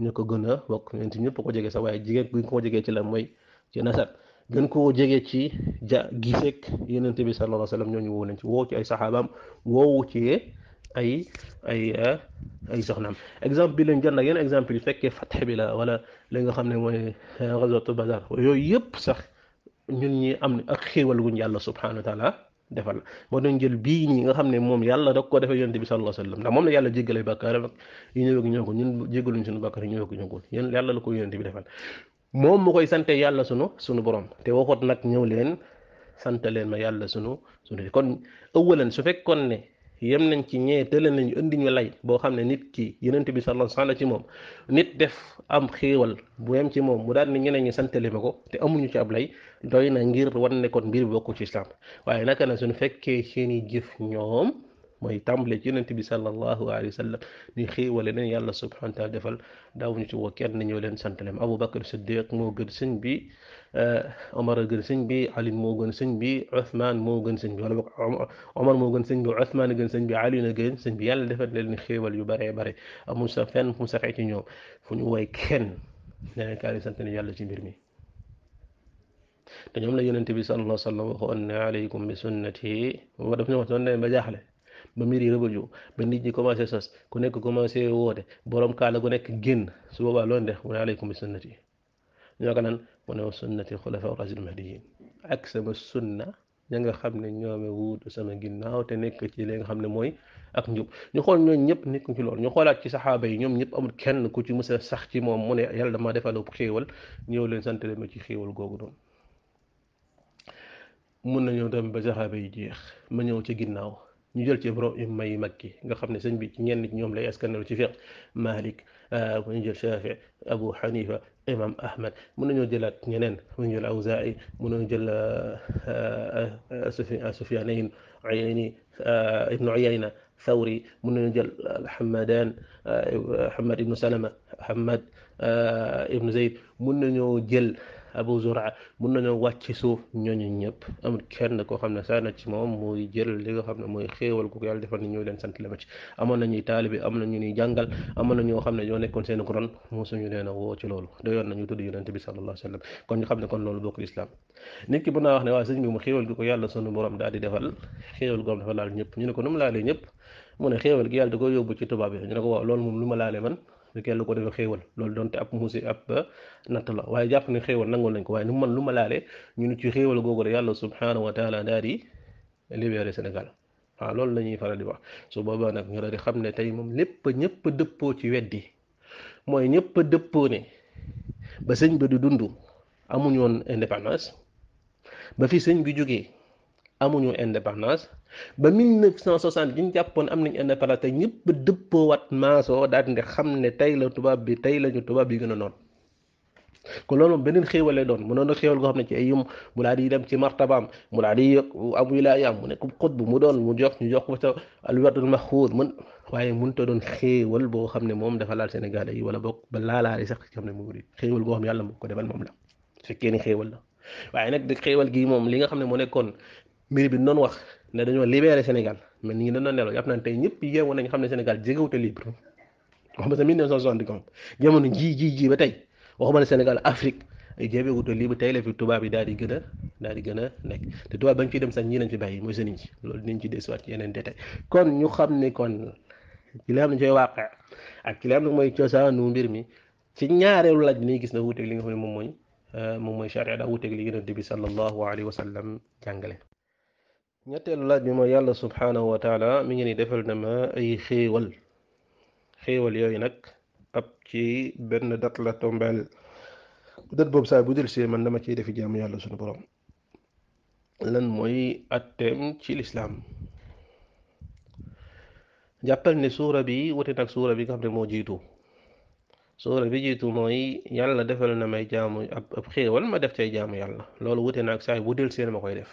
ñu ko gën a bokk yonent ñëpp ko jege sax waaye jigéen guñ koo jegee ci la mooy ci nasar gën koo jege ci ja giseek yonent bi sallallahu alayhi wa sallam ñooñu woo nañ ci woo ci ay saxaabaam woowu ci ay ay ay soxnaam exemple bi lañ jël nag yenn exemple yi fekkee fatx bi la wala li nga xam ne mooy gazwatu Badar yooyu yëpp sax ñun ñi am na ak xéewal guñ yàlla subhanahu wa taala defal moo doon jël bii nii nga xam ne moom yàlla da ko defee yonent bi sallallahu alayhi wa sallam ndax moom la yàlla jéggalee bàkkaaram ak yu ñëwee ak ñëw ko ñun jéggaluñ suñu bàkkaar ñëwee ak ñëw ko yéen yàlla la ko yonent bi defal moom mu koy sante yàlla sunu sunu borom te waxoot nag ñëw leen sant leen ma yàlla sunu sunu kon ëwalan su fekkoon ne yem nañ ci ñee tële indi ñu lay boo xam ne nit ki yonent bi sallallahu alayhi wa ci moom nit def am xéewal bu yem ci moom mu daan ni ñeneen ñi santale ko te amuñu ci ab lay doy na ngir wan ne mbir bi bokku ci islam waaye naka na suñu fekkee seeni jëf ñoom mooy tàmbale ci yonent bi sallallahu alayhi wa sallam ni xéewale leen yàlla subhanahu wa taala defal daaw ñu ci woo kenn ñëw leen sant leen Abu Bakr Siddiq moo gën sëñ bi eh, Omar a gën sëñ bi Ali moo gën sëñ bi Othman moo gën sëñ bi wala moo gën sëñ bi Othman a gën sëñ bi Ali na gën sëñ bi yàlla defal leen xéewal yu bare bare amul sa fenn fu mu saxee ci ñoom fu ñu woy kenn leen kaa sant leen yàlla ci mbir mi te ñoom la yonent bi sallallahu alayhi waxoon ne alaykum bi sunnati waxoon ne ba jaaxle ba mbir yi rëbëjoo ba nit ñi commencé sos ku nekk commencé woote borom kaala gu nekk génn su boobaa loolu de mu ne aleykum bi sunnati ñoo ko naan mu ne wa sunnati xulafa rasul mahdiyin ak sama sunna ña nga xam ne ñoome sama ginnaaw te nekk ci li nga xam ne mooy ak njub ñu xool ñooñ ñëpp nekk ci loolu ñu xoolaat ci saxaaba yi ñoom ñëpp amul kenn ku ci mës a sax ci moom mu ne yàlla dama defal xéewal ñëw leen sant leen ma ci xéewal googu doon mun na ñëw dem ba saxaaba yi jeex ma ñëw ci ginnaaw ñu jël ci ibrahima may makki nga xamne ne sëñ bi ci ñenn ñom lay askanal ci fiq malik mu ñu jël shafi abu hanifa imam ahmad mu ñu jëlat ñeneen mu ñu jël awzaa'i mun nañu jël sufyanayn ayni ibnu uyayna ثوري من حمادان حماد بن سلمة حماد بن زيد من جل abu zura mun nañoo wàcc suuf ñooñu ñëpp amul kenn koo xam ne saa na ci moom muy jël li nga xam ne mooy xéewal ku ko yàlla defal ni sant la ma ci amoon nañuy taalibi am nañu ñuy jàngal amoon na ñoo xam ne ñoo nekkoon loolu doyoon nañu tudd yonent bi sallallahu alayhi wa sallam kon ñu xam ne kon loolu bokk bu naa daal di defal xéewal goom dafa laal ñëpp ñu ne ko nu laalee ñëpp mu ne xéewal gi yàlla da yóbbu ci tubaab yi ñu ne ko waaw loolu moom lu ma laalee man li kenn ko defee xéewal loolu doonte ab musi ab euh, natt la waaye jàpp ne xéewal nangul nañ ko waaye nu man lu ma laale ñu nu ci xéewal googu rek yàlla subhanahu wa taala daal di libéré Sénégal waaw loolu lañuy faral di wax su boobaa nag ñu daal di xam ne tey moom lépp ñëpp dëppoo ci weddi mooy ñëpp dëppoo ne ba sëñ ba di dund amuñu woon indépendance ba fi sëñ bi jógee amuñu indépendance ba 1960 gi ñu jàppoon am nañ indépendance te ñëpp dëppoowaat maasoo daal di xam ne tey la tubaab bi tey lañu tubaab bi gën a noonu kon loolu moom beneen xéewal doon mu doon xéewal goo xam ne ci ay yum mu daal di dem ci martabaam mu daal di am wilayaam mu nekk xutb mu doon mu jox ñu jox ko ca alwerdul maxuud mun waaye mënta doon xéewal boo xam ne moom dafa laal Sénégal yi wala boog ba laalaale sax ci xam ne mu ngi xéewal boo xam yàlla moo ko defal moom la fekkee ni xéewal la waaye nag xéewal gi moom li nga xam ne moo nekkoon mbir bi noonu wax ne dañoo libéré Sénégal mais nit ñi dañoo nelaw yàpp naan tey ñëpp yeewu nañ xam ne Sénégal jégewute libre wax ma sa 1960 jamono ji ji ji ba tey waxuma ne Sénégal Afrique ay jégewute libre tey la fi yi daal di gën daal di gën a nekk te tubaab bañ fi dem sax ñii nañ fi bàyyi mooy sëriñ ci loolu dinañ ci desuwaat yeneen détail kon ñu xam ne kon ci li am na cooy waaqe ak ci li na mooy cosaanu mbir mi ci ñaareelu laaj bi ni gis na wuuteeg li nga xam ne moom mooy euh, moom mooy charia daa wuuteeg li yonent bi sallallahu alayhi wa sallam jàngale ñetteelu laaj bi mooy yàlla subhaanahu wa taala mi ngi ni defal na ma ay xéewal xéewal yooyu nag ab ci benn dat la tombeel dat boobu saa bu dellusee man dama ci defi jaamu yàlla suñu borom lan mooy atteem ci lislaam jàppal ne suura bi wute nag suura bi nga xam ne moo jiitu suura bi jiitu mooy yàlla defal na may jaamu ab ab xéewal ma def cay jaamu yàlla loolu wute nag saa bu seen ma koy def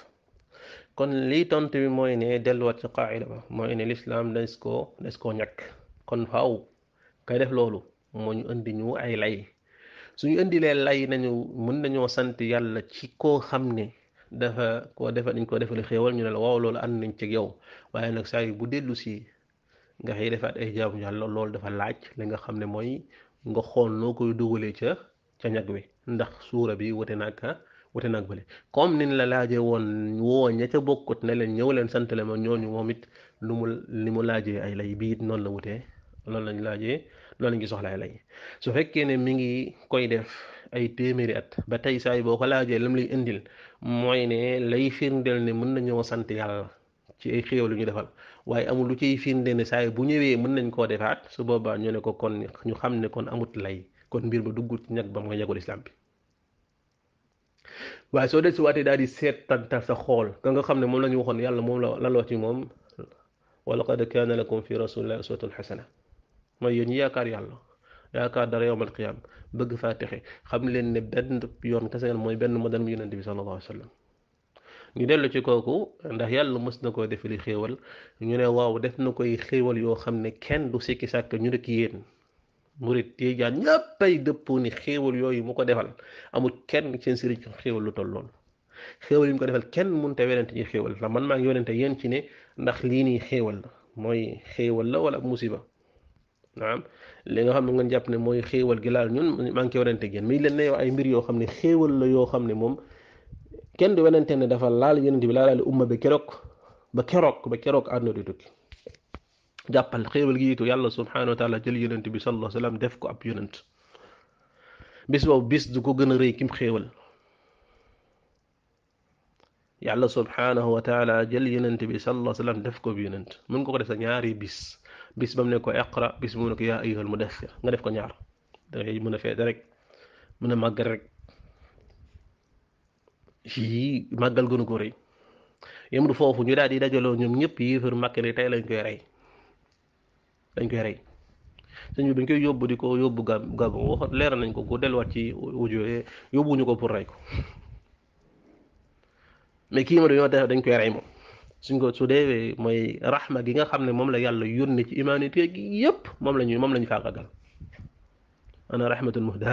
kon lii tontu bi mooy ne delluwaat ci qaida ba mooy ne lislaam des koo des koo ñàkk kon faaw kay def loolu moo ñu indi ñu ay lay suñu indilee lay nañu mën nañoo sant yàlla ci koo xam ne dafa koo defa dañ koo defal xéewal ñu ne la waaw loolu ànd nañ ci yow waaye nag saa yi bu dellu si nga xëy defaat ay jaamu yàlla loolu dafa laaj li nga xam ne mooy nga xool noo koy dugalee ca ca ñag wi ndax suura bi wute naka wute nag bële comme nin la laajee woon woo ña ca bokkut ne leen ñëw leen sant le ma ñooñu moom it lu mu li mu laajee ay lay biit noonu la wutee loolu lañ laajee loolu lañ ngi soxla ay lay su fekkee ne mi ngi koy def ay téeméeri at ba tey saay boo ko laajee lam lay indil mooy ne lay firndeel ne mën nañoo sant yàlla ci ay xéew lu ñu defal waaye amul lu ciy firnde ne saay bu ñëwee mën nañ koo defaat su boobaa ñu ne ko kon ñu xam ne kon amut lay kon mbir ba duggut ñag ba mooy ñagul islam bi waaye soo del si waatee daal di seetantal sa xool ka nga xam ne moom la ñu waxoon yàlla moom la lan la wax ci moom wa laqad kana lakum fi rasulillahi uswatun hasana mooy yéen ñi yaakaar yàlla yaakaar dara yowmal qiyam bëgg faa texe xam leen ne benn yoon kese mooy benn modèle mu yonente bi sallallahu alayhi wa sallam ñu dellu ci kooku ndax yàlla mës na koo defali xéewal ñu ne waaw def na koy xéewal yoo xam ne kenn du sikki sàkk ñu rek yéen mu murit tiijaan ñéppay dëppoo ni xéewal yooyu mu ko defal amut kenn seen sëriñ ko xéewal lu toll lool xéewal yi mu ko defal kenn mënta werante ñi xéewal ndax man maa ngi werante yéen ci ne ndax lii nii xéewal la mooy xéewal la wala musiba naam nga xam ne ngeen jàpp ne mooy xéewal gi laal ñun maa ngi koy werante géen mais leen ne yow ay mbir yoo xam ne xéewal la yoo xam ne moom kenn du werante ne defal laal yonent bi laalaale umma bi keroog ba keroog ba keroog àdduna di tukki jàppal xéewal gi yitu yàlla subhaanahu wa taala jël yonent bi sallallahu alayhi wa sallam def ko ab yonent bis boobu bis du ko gën a rëy kim xéewal yàlla subhaanahu wa jël yonent bi sallallahu alayhi def ko ab yonent mën nga ko def sa ñaari bis bis ba mu ko iqra bis mu ne ko yaa ayyuhal mudaththir nga def ko ñaar dangay mën a feete mën a màggal rek yii màggal gënu ko rëy yém du foofu ñu daal di dajaloo ñoom ñëpp yéefar Màkka ne tey lañ koy rey dañ koy rey sëñ bi dañ koy yóbbu di ko yóbbu Gabon wax nañ ko ko delluwaat ci audio yóbbuwuñu ko pour rey ko mais kii ma def dañ koy rey moom suñ ko su deewee mooy raxma gi nga xam ne moom la yàlla yónni ci humanité gi yëpp moom la ñuy moom la ñu faagagal ana rahmatul muhda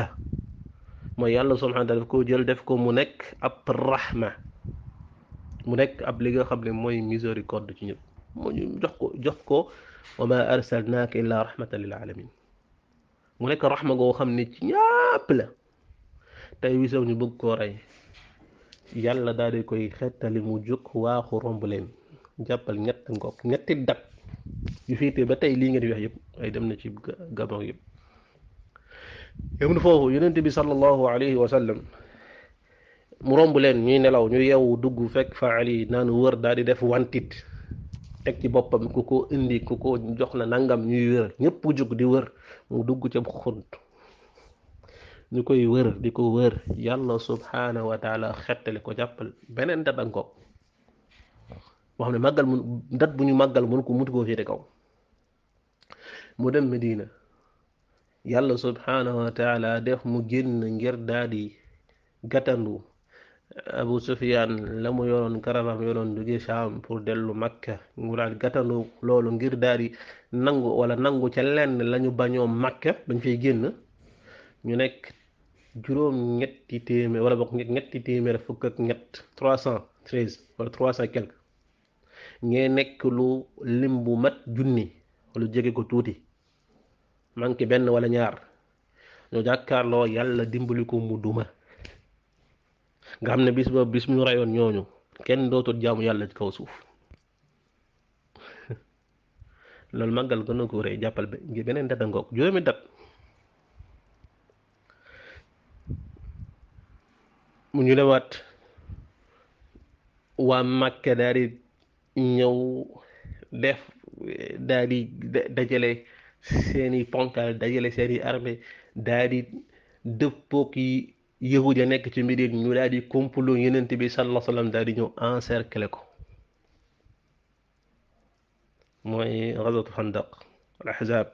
mooy yàlla subhanahu wa taala daf jël def ko mu nekk ab raxma mu nekk ab li nga xam ne mooy miséricorde ci ñëpp ko jox ko wa ma arsalnaaka illaa rahmatan lil alamin mu goo xam ne ci ñàpp la tey wisaw ñu bëgg koo rey yàlla daal di koy xettali mu jóg waaxu romb leen jàppal ñett ngoog ñetti dab yu féetee ba tey lii ngeen di wax ay dem na ci gabon yëpp yëmul foofu yonent bi sallallahu alayhi wa sallam mu romb leen ñuy nelaw ñu yeewu dugg fekk fa ali naan wër daal di def wantit teg ci boppam ku ko indi ku ko jox na nangam ñuy wër ñëpp jug di wër mu dugg ca xunt ñu koy wër di ko wër yàlla subhaanahu wa taala ko jàppal beneen dat ak boo xam ne màggal mun dat bu ñu màggal mun ko mutu koo féete kaw mu dem Medina yàlla subhaanahu wa def mu génn ngir daal di gàttandu Abu Sufyaan la mu yoroon karawam yoroon duggee pour dellu Makka mu daan gàttandu loolu ngir daal di nangu wala nangu ca lenn lañu bañoo Makka bañ fay génn ñu nekk juróom ñetti téeméer wala bokk ñetti téeméer fukk ak ñett trois cent treize wala trois cent quelque ñee nekk lu lim bu mat junni wala jege ko tuuti manqué benn wala ñaar ñoo jàkkaarloo yàlla dimbali ko mu duma nga xam ne bis ba bis ñu rayoon ñooñu kenn dootul jaamu yàlla ci kaw suuf loolu màggal gën a ko rëy jàppal ba beneen data ngoog juróomi dat mu ñu lewaat waa Màkke daal di ñëw def daal di dajale seeni ponkal dajale seeni armée daal di dëppook yi yahud ya nekk ci mbir yi ñu daal di complot yonent bi sallallahu alayhi wa sallam daal di ñëw encercler ko mooy gazwatu xandaq al ahzab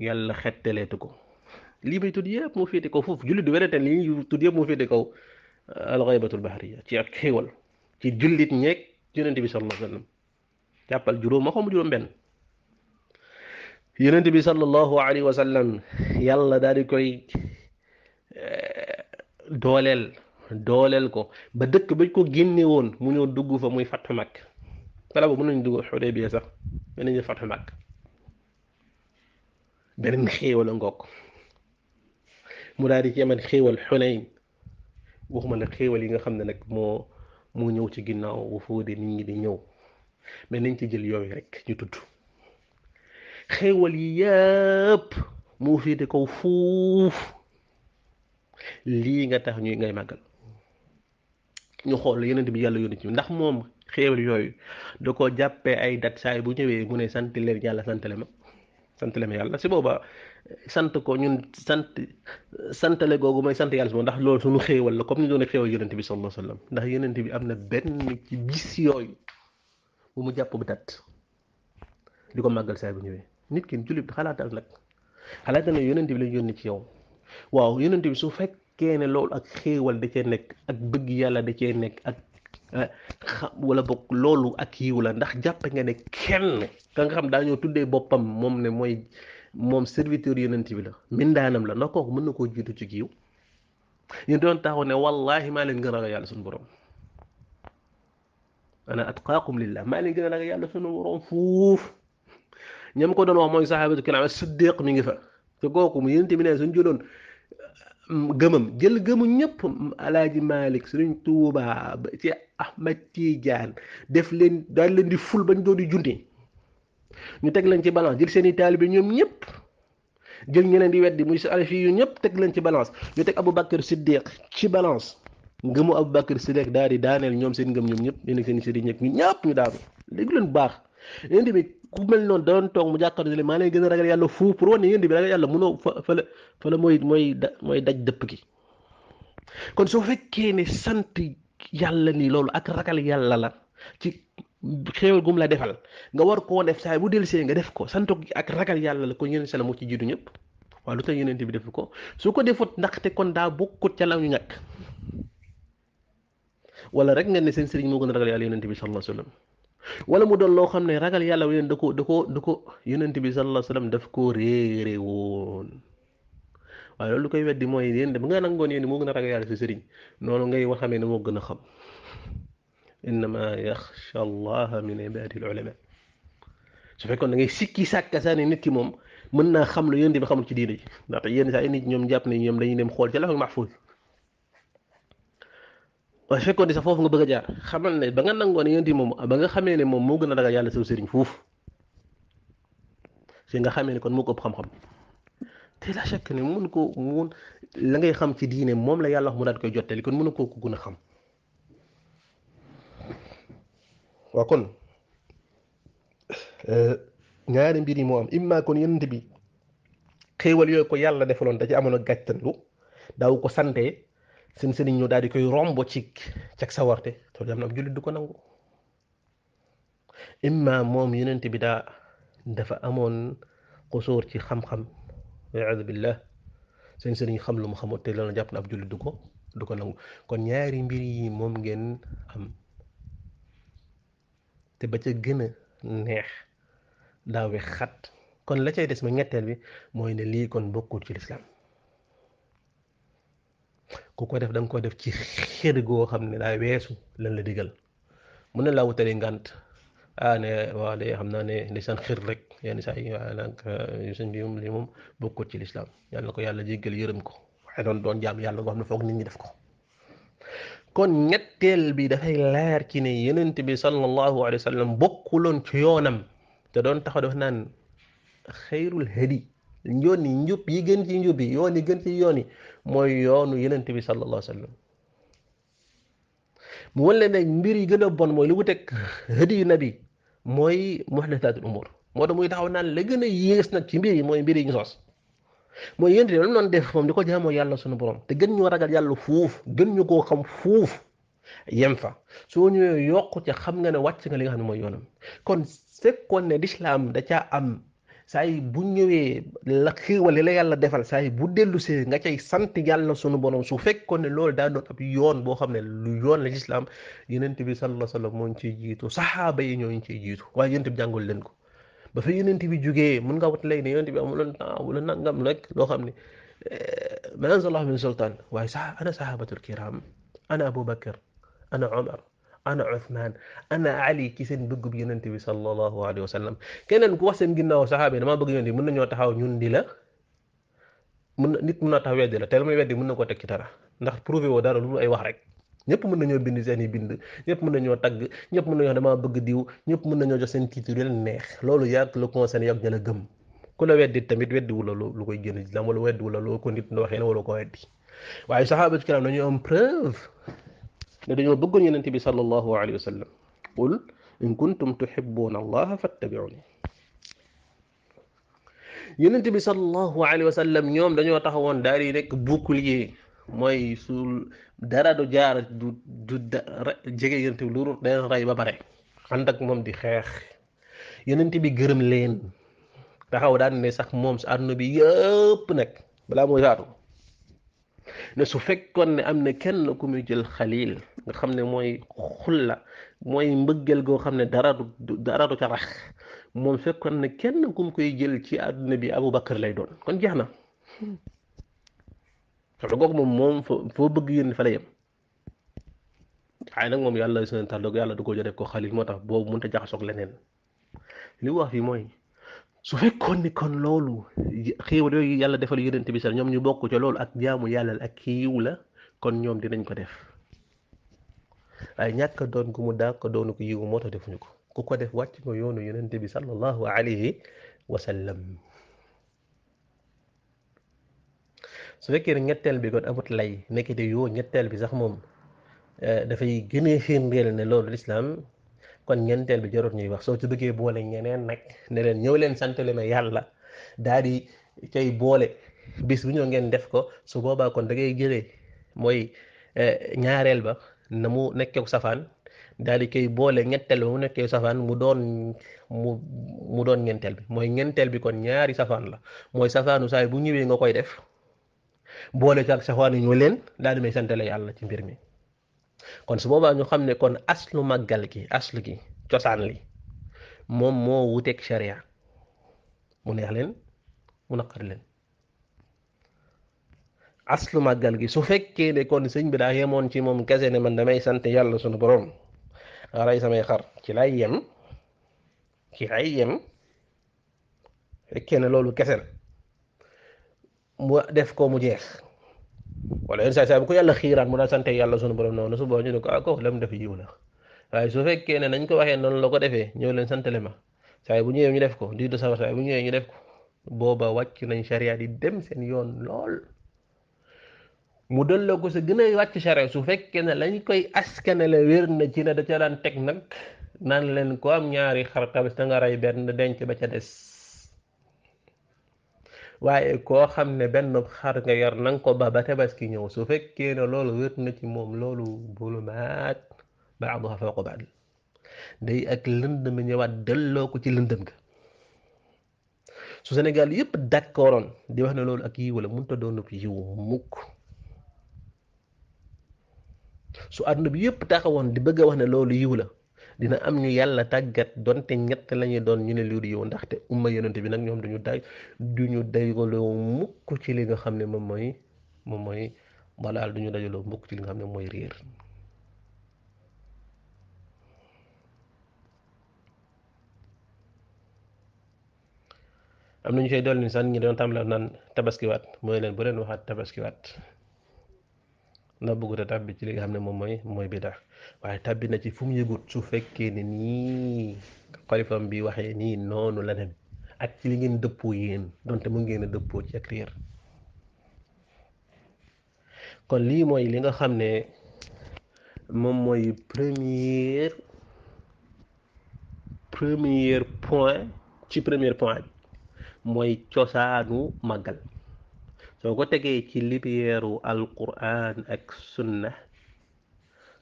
yàlla xetteleetu ko lii may tudd yëpp moo féete kaw foofu jullit du werante lii tudd yëpp moo féete kaw al xaybatul bahriya ci ak xéewal ci jullit ñeeg yonent bi sallallahu alayhi wa sallam jàppal juróom ma xaw ma juróom benn yonent bi sallallahu alayhi wa sallam yàlla daal di koy dooleel ko ba dëkk bañ ko génne woon mu ñëw dugg fa muy fattu mag balaa mun mën nañu dugg Xudaybiya sax mën nañu fattu mag beneen xéewal a ngoog mu daal di ci amal xéewal Xunayn waxuma la xéewal yi nga xam ne nag moo moo ñëw ci ginnaaw bu fóodee nit ñi di ñëw mais nañ ci jël yooyu rek ñu tudd xéewal yi yëpp moo féete kaw fuuf lii nga tax ñuy ngay màggal ñu xool yeneen bi yàlla yónni ci ndax moom xéewal yooyu da ko jàppee ay dat saay bu ñëwee mu ne sant leen yàlla santale ma santale ma yàlla si booba sant ko ñun sant santale googu mooy sant yàlla si ndax lool suñu xéewal la comme ñu doon xéewal yeneen bi sallallahu alayhi wasallam ndax yeneen bi am na benn ci bis yooyu bu mu jàpp bu dat di ko màggal saay bu ñëwee nit ki jullit xalaatal nag xalaatal ne yeneen bi lañ yónni ci yow waaw yonent bi su fekkee ne loolu ak xéewal da ce nekk ak bëgg yàlla da ce nekk ak eh, xam wala boog loolu ak yiw la ndax jàppe nga ne kenn ka nga xam daañoo tuddee boppam moom ne mooy moom serviteur yonent bi la mindaanam la ndax mën na koo jiitu ci giiw ñu doon taxaw ne wallahi maa leen maa leen gën yàlla suñu borom fuuf ñam ko doon wax mooy saxaabatu kiram siddiq mi ngi fa te suñ jëloon gëmam jël gëmu ñëpp alaaji Malick Sëriñ Tuubaa ci Ahmad Tidiane def leen daal leen di ful bañ doon di junte ñu teg leen ci balance jël seen i taalibe ñoom ñëpp jël ñeneen di weddi muy salafi yu ñëpp teg leen ci balance ñu teg Aboubacar Siddiq ci balance ngëmu Aboubacar Siddiq daal di daaneel ñoom seen ngëm ñoom ñëpp ñu nekk seen i sëriñ ñu ñàpp ñu daanu léegi leen baax leen tamit ku mel noonu doon toog mu jàkkaarloo ne maa lay a ragal yàlla fuuf pour wane yéen di bi ragal la fa mooy da mooy daj dëpp gi kon soo fekkee ne sant yàlla ni loolu ak ragal yàlla la ci xéewal gum la defal nga war koo def saa bu see nga def ko sant ak ragal yàlla la kon yeneen sala moo ci jiitu ñëpp waaw lu tax yeneen bi def ko su ko defut ndaxte kon daa bokkut ca la ñu ñàkk wala rek nga ne seen sëriñ moo gën a ragal yàlla yonent bi sallallahu alayhi wa wala mu doon loo xam ne ragal yàlla yéen da ko da ko da ko yonent bi sallallahu alayhi wasallam daf koo réere woon waaye loolu lu koy weddi mooy yéen de bu nga nangoon yéen moo gën a ragal yàlla si sëriñ noonu ngay waxamee ne moo gën a xam innama yaxsha allaha min ibadihi al ulama su fekkoon da ngay sikki sàkka saa ne nit ki moom mën naa xam lu yonent bi xamul ci diine ji ndaxte yénn nit ñoom jàpp ne ñoom dañuy dem xool ci lafak mahfuz waaye su fekkoon ne sax foofu nga bëgg a jaar xamal ne ba nga nangoo ne yonent bi moom ba nga xamee ne moom moo gën a ragal yàlla saw sëriñ foofu si nga xamee ne kon moo ko ëpp xam-xam te la chaque ne mun ko mun la ngay xam ci diine moom la yàlla wax mu daan koy jottali kon mën koo ko gën a xam waa kon euh, ñaari mbir yi moo am imma kon yonent bi xéewal yooyu ko yàlla defaloon da ci amoon a gàttanlu daaw ko sante seen sëriñ ñu daal di koy rombo ci ci sa warte te dem na ab jullit du ko nangu imma moom yonent bi daa dafa amoon qusur ci xam-xam waliyaadu billah seen sëriñ xam lu mu xamut te la jàpp na ab julit du ko du ko nangu kon ñaari mbir yi moom ngeen am te ba ca gën a neex daawe xat kon la cay des ma ñetteel bi mooy ne lii kon bokkul ci lislaam ku ko def da nga ko def ci xër go xamne ne wessu lan la digal mun na laa wutali ngànt ah ne waa de xam naa ne ndeysaan xër rek yenn saa yi nak yu sëñ bi moom li moom bokkut ci l'islam yàlla ko yàlla jegal yërëm ko waxe don don jaam yàlla go xam ne nit ñi def ko kon ñettel bi da fay leer ci ne yenent bi sallallahu alayhi wasallam bokku lon ci yonam te don taxa def nan khairul hadi ñoni yi yi gën ci njub yi yoni gën ci yoni mooy yoonu yenent bi sallallahu alayhi wa mu wan leen ne mbir yi gën a bon mooy li wuteeg hadiyu nabi mooy muhdathatul umur moo tax muy taxaw naan la gën a yées nag ci mbir yi mooy mbir yi ñu sos mooy yénte lam noon def moom di ko jaamoo yàlla sunu borom te gën ñu ragal yàlla fuuf gën ñu koo xam fuuf yem fa soo ñëwee yokku ca xam nga ne wàcc nga li xam ne mooy yoonam kon fekkoon ne lislaam da caa am saa yi bu ñëwee la xiiwal li la yàlla defal saa bu dellu see nga cay sant yàlla sunu borom su fekkoon ne loolu daa yoon boo xam ne lu yoon la lislaam yonent bi sallallahu alayhi wa moo ñu ciy jiitu saxaaba yi ñoo ñu ciy jiitu waaye yonent bi jàngal leen ko ba fa yonent bi jógee mun nga wat léegi ne yonent bi amuloon temps wala nangam rek loo xam ne eh, ma anzalallahu min sultaan waaye sax ana sahabatul kiram ana Aboubacar ana ana Uthman ana Ali ci seen bëggub yonent bi sallallahu alayhi wa sallam keneen ku wax seen ginnaaw saxaaba yi damaa bëgg yonent bi mën nañoo taxaw ñun di la mën nit mën naa taxaw weddi la te la muy weddi mën na ko teg ci dara ndax prouvé woo ñëpp mën nañoo bind seen i bind ñëpp mën nañoo tagg ñëpp mën nañoo damaa bëgg diw ñëpp mën nañoo jox seen titre yu leen neex loolu yàgg la concerné yàgg ña la gëm ku la weddi tamit weddi wu la lu koy génn islam wala weddi wu la ko nit waxee na wala ko weddi waaye saxaaba ci kanam dañoo am preuve ne dañoo bëggoon yonent bi sallallahu alayhi wa sallam qul in kuntum tuhibbuna allaha fattabiuni yonent bi sallallahu alayhi wa sallam ñoom dañoo taxawoon daal di nekk bouclier mooy su dara du jaar du du jege yonent bi lu day rey ba pare ànd ak moom di xeex yonent bi gërëm leen taxaw daan ne sax moom si àdduna bi yëpp nag balaa mooy saatu ne su fekkoon ne am na kenn ku muy jël xaliil nga xam ne mooy la mooy mbëggeel goo xam ne dara du dara du ca moom fekkoon ne kenn ku koy jël ci àdduna bi abu Aboubacar lay doon kon jeex na loolu googu moom moom foo bëgg yéen fa la yem waaye moom yàlla seen tax yàlla du ko def ko xalif moo tax boobu mënut a jaxasoog leneen li wax fi mooy su fekkoon ni kon loolu xéewal yooyu yàlla defal yeneen bi ñoom ñu bokk ca loolu ak jaamu yàlla ak kiiw la kon ñoom dinañ ko def. ay ñàkk doon gu mu dàq doonu ko yiwu moo tax defuñu ko ku ko def wàcc nga yoonu yonente bi sallallahu alayhi wa sallam su fekkee ne ñetteel bi kon amut lay nekkite yoo ñetteel bi sax moom eh, dafay gën a firndeel ne loolu lislaam kon ñeenteel bi jarut ñuy wax soo ci bëggee boole ñeneen nag ne leen ñëw leen santale ma yàlla daal di cay boole bis bu ñëw ngeen def ko su boobaa kon dangay jële mooy eh, ñaareel ba na mu nekkew safaan daal di koy boole ñetteel ba mu nekkew safaan mu doon mu mu doon ñeenteel bi mooy ñeenteel bi kon ñaari safaan la mooy safaanu saay bu ñëwee nga koy def boole ca ak safaan ñu leen daa di may santale yàlla ci mbir mi kon su boobaa ñu xam ne kon aslu màggal ki aslu ki cosaan li moom moo wuteeg sharia mu neex leen mu naqar leen aslu màggal gi su fekkee ne kon sëñ bi daa yemoon ci moom kese ne man damay sante yàlla sunu borom rey samay xar ci lay yem ci lay yem fekkee loolu kese la def ko mu jeex wala yenn yàlla xiiraan mu daa sant yàlla sunu borom noonu su boo ne ko ah ko def jiw la waaye su fekkee ne nañ ko waxee noonu la ko defee ñëw leen santale ma saa bu ñëwee ñu def ko di de sawar saa bu ñëwee ñu def ko booba wàcc nañ sariya di dem seen yoon lool. mu delloo ko sa gën a wàcc charette su fekkee ne lañ koy askanale wér na ci ne da ca daan teg nag naan leen ko am ñaari xar tamit da nga rey benn denc ba ca des waaye koo xam ne benn xar nga yor na ko ba ba tabaski ñëw su fekkee ne loolu wér na ci moom loolu bulu maat baaduha fawqa baad day ak lëndëm ñëwaat delloo ko ci lëndëm ga su Sénégal yëpp d'accordoon di wax ne loolu ak yiw la mënut a yiw mukk su àdduna bi yëpp taxawoon di bëgg a wax ne loolu yiw la dina am ñu yàlla tàggat donte ñett lañuy doon ñu ne lii du yiw ndaxte umma yonent bi nag ñoom duñu day duñu dajaloo mukk ci li nga xam ne moom mooy moom mooy balaal duñu dajaloo mukk ci li nga xam ne mooy réer am nañu koy dolli ni sax ñu doon tàmbale naan tabaskiwaat mooy leen bu leen waxaat tabaskiwaat ndax bëggut a ci li nga xam ne moom mooy mooy bida waaye tàbbi na ci fu mu yëgut su fekkee ne nii xolifam bi waxee nii noonu la dem ak ci li ngeen dëppoo yéen donte mu ngeen a dëppoo ci ak kon lii mooy li nga xam ne moom mooy premier premier point ci première point bi mooy cosaanu màggal soo ko tegee ci libiyeeru alquran ak sunna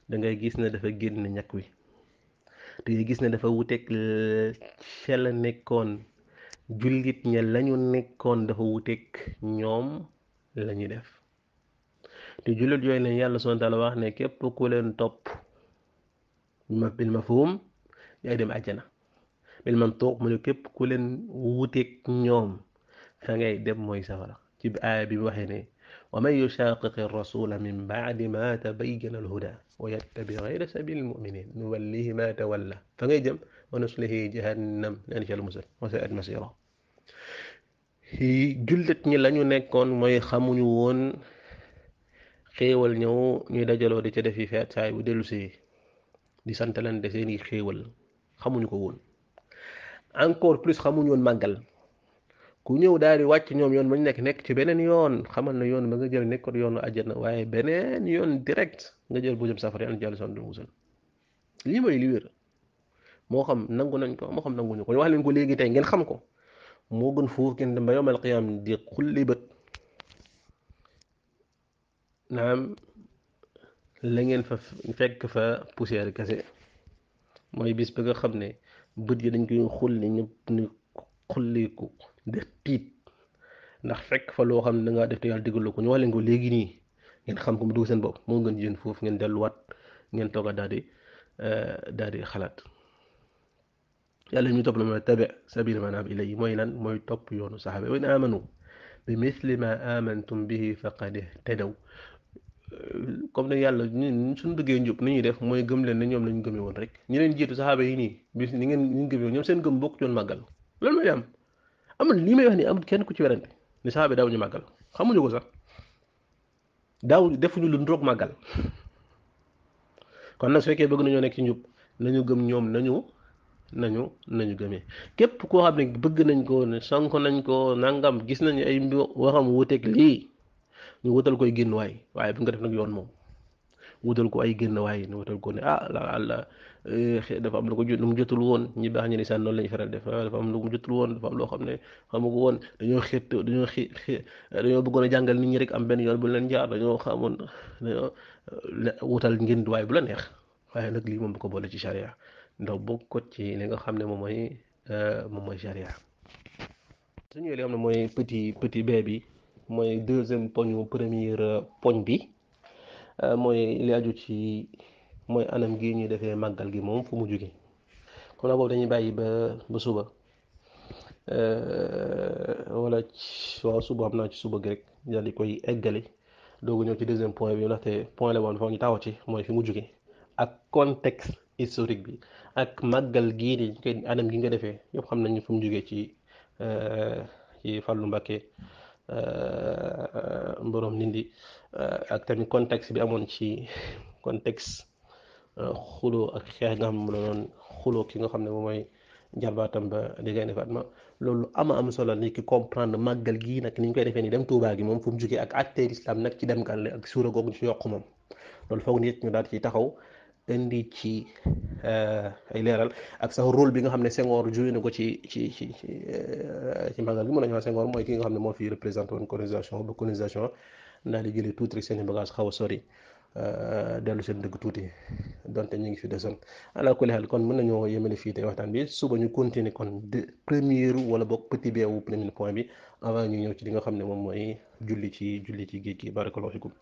da ngay gis ne dafa génn ñàkk wi da gis ne dafa wuteeg ca la nekkoon jullit ña lañu nekkoon dafa wuteeg ñoom lañuy def te jullit yooy leen yàlla subhaanahu wa wax ne képp ku leen topp ma bil mafhum yaay dem àjjana bil mantuq ma ne képp ku leen wuteeg ñoom fa ngay dem mooy safara ci aaya bi waxee ne wa man yushaqiqi rasula min baadi ma tabayyana alhuda wa yattabi gayra sabili almuminin nuwallihi ma tawalla fa ngay jëm wa nuslihi jahannam leen ci almusal wa saat masira jullit ñi lañu nekkoon mooy xamuñu woon xéewal ñëw ñuy dajaloo di ca def yi feet saay bu dellu si di santalante seeni xéewal xamuñu ko woon encore plus xamuñu woon màggal ku ñëw daal di wàcc ñoom yoon ba ñu nekk nekk ci beneen yoon xamal na yoon ba jël nekkoon yoonu àjjana waaye beneen yoon direct nga jël bu jëm safara yàlla jàll son du musal lii mooy li wér moo xam nangu nañ ko moo xam nanguñu ko wax leen ko léegi tey xam ko moo gën foofu kenn dem ba yomal qiyaam di xulli bët naam la ngeen fa fekk fa poussière kese mooy bis ba nga xam ne bët yi dañ koy xulli ñëpp ni xulliku def tiit ndax fekk fa loo xam ne da def te yàlla digaloo ko ñu wax leen ko léegi nii ngeen xam ko mu dugg seen bopp moo gën jën foofu ngeen delluwaat ngeen toog a daal di euh, daal xalaat yàlla ñu topp la mooy tabe sa man ab ilayi mooy lan mooy topp yoonu saxaaba wa in amanu bi misli ma amantum bihi faqad ihtadaw yàlla ñun suñu bëggee njub ni ñuy def mooy gëm leen ne ñoom lañu gëmee woon rek ñi leen jiitu saxaaba yi nii bi ngeen ñu gëmee ñoom seen gëm bokk joon maggal loolu mooy am amul lii may wax nii amul kenn ku ci werante ni saxaabe ñu màggal xamuñu ko sax daawuñu defuñu lu ndoog màggal kon nag su fekkee bëgg nañoo nekk ci njub nañu gëm ñoom nañu nañu nañu gëme képp koo xam ne bëgg nañ ko ne sonk nañ ko nangam gis nañu ay waxam wuteeg lii ñu wutal koy génn waay waaye bu nga def nag yoon moom. wutal ko ay génn waaye ne wutal ko ne ah la àlla eh, am lu ko lu mu jotul woon ñi baax ñu ni saan noonu la ñu faral def ah, dafa lu mu jotul woon dafa am loo xam ne xamu ko woon dañoo xet dañoo xi dañoo bëggoon a jàngal nit ñi rek am benn yoon bu leen jaar dañoo xamoon dañoo wutal ngénd waaye bu la neex waaye nag lii moom bu ko boole ci charia ndax ko ci li nga xam ne moom mooy eh, moom mooy charia su ñëwee li xam ne mooy petit petit bee bi mooy deuxième poñ première eh, poñ bi Euh, mooy li aju ci mooy anam gi ñuy defee màggal gi moom fu mu jóge kon nag boobu dañuy bàyyi ba ba suba euh, wala waaw suba xam naa ci suba gi rek daal di koy eggale doogu ñëw ci deuxième point bi ndaxte point la woon ñu taxaw ci mooy fu mu jóge ak contexte historique bi ak màggal gii ni koy anam gi nga defee ñëpp xam nañu fu mu jógee ci euh, ci Fallou Euh, mborom nindi euh, ak tamit contexte bi amoon ci contexte euh, xuloo ak xeex nga xam ne mu doon ki nga xam ne moom mooy jarbaatam ba di Gaynde ma loolu ama am solo ni ki comprendre màggal gii nag ni ñu koy defee ni dem Tuubaa gi moom fu mu jógee ak àttee lislaam nag ci dem gale ak suura googu ci yokk moom loolu foog nit ñu daal ci taxaw indi ci eh, ay leeral ak sax rôle bi nga xam ne Senghor joué na ko ci ci ci ci eh, magal gi mën nañu wax Senghor mooy ki nga xam ne moo fi représenté woon colonisation ba colonisation naa di tuuti rek seen i xaw a sori eh, dellu seen dëgg tuuti donte ñu ngi fi desoon ala kulli xel kon mën nañoo yemale fii tey waxtaan bi suba ñu continuer kon wala boog petit beewu premier point bi avant ñu ñëw ci li nga xam ne moom mooy julli ci julli ci géej gi barakallahu fikum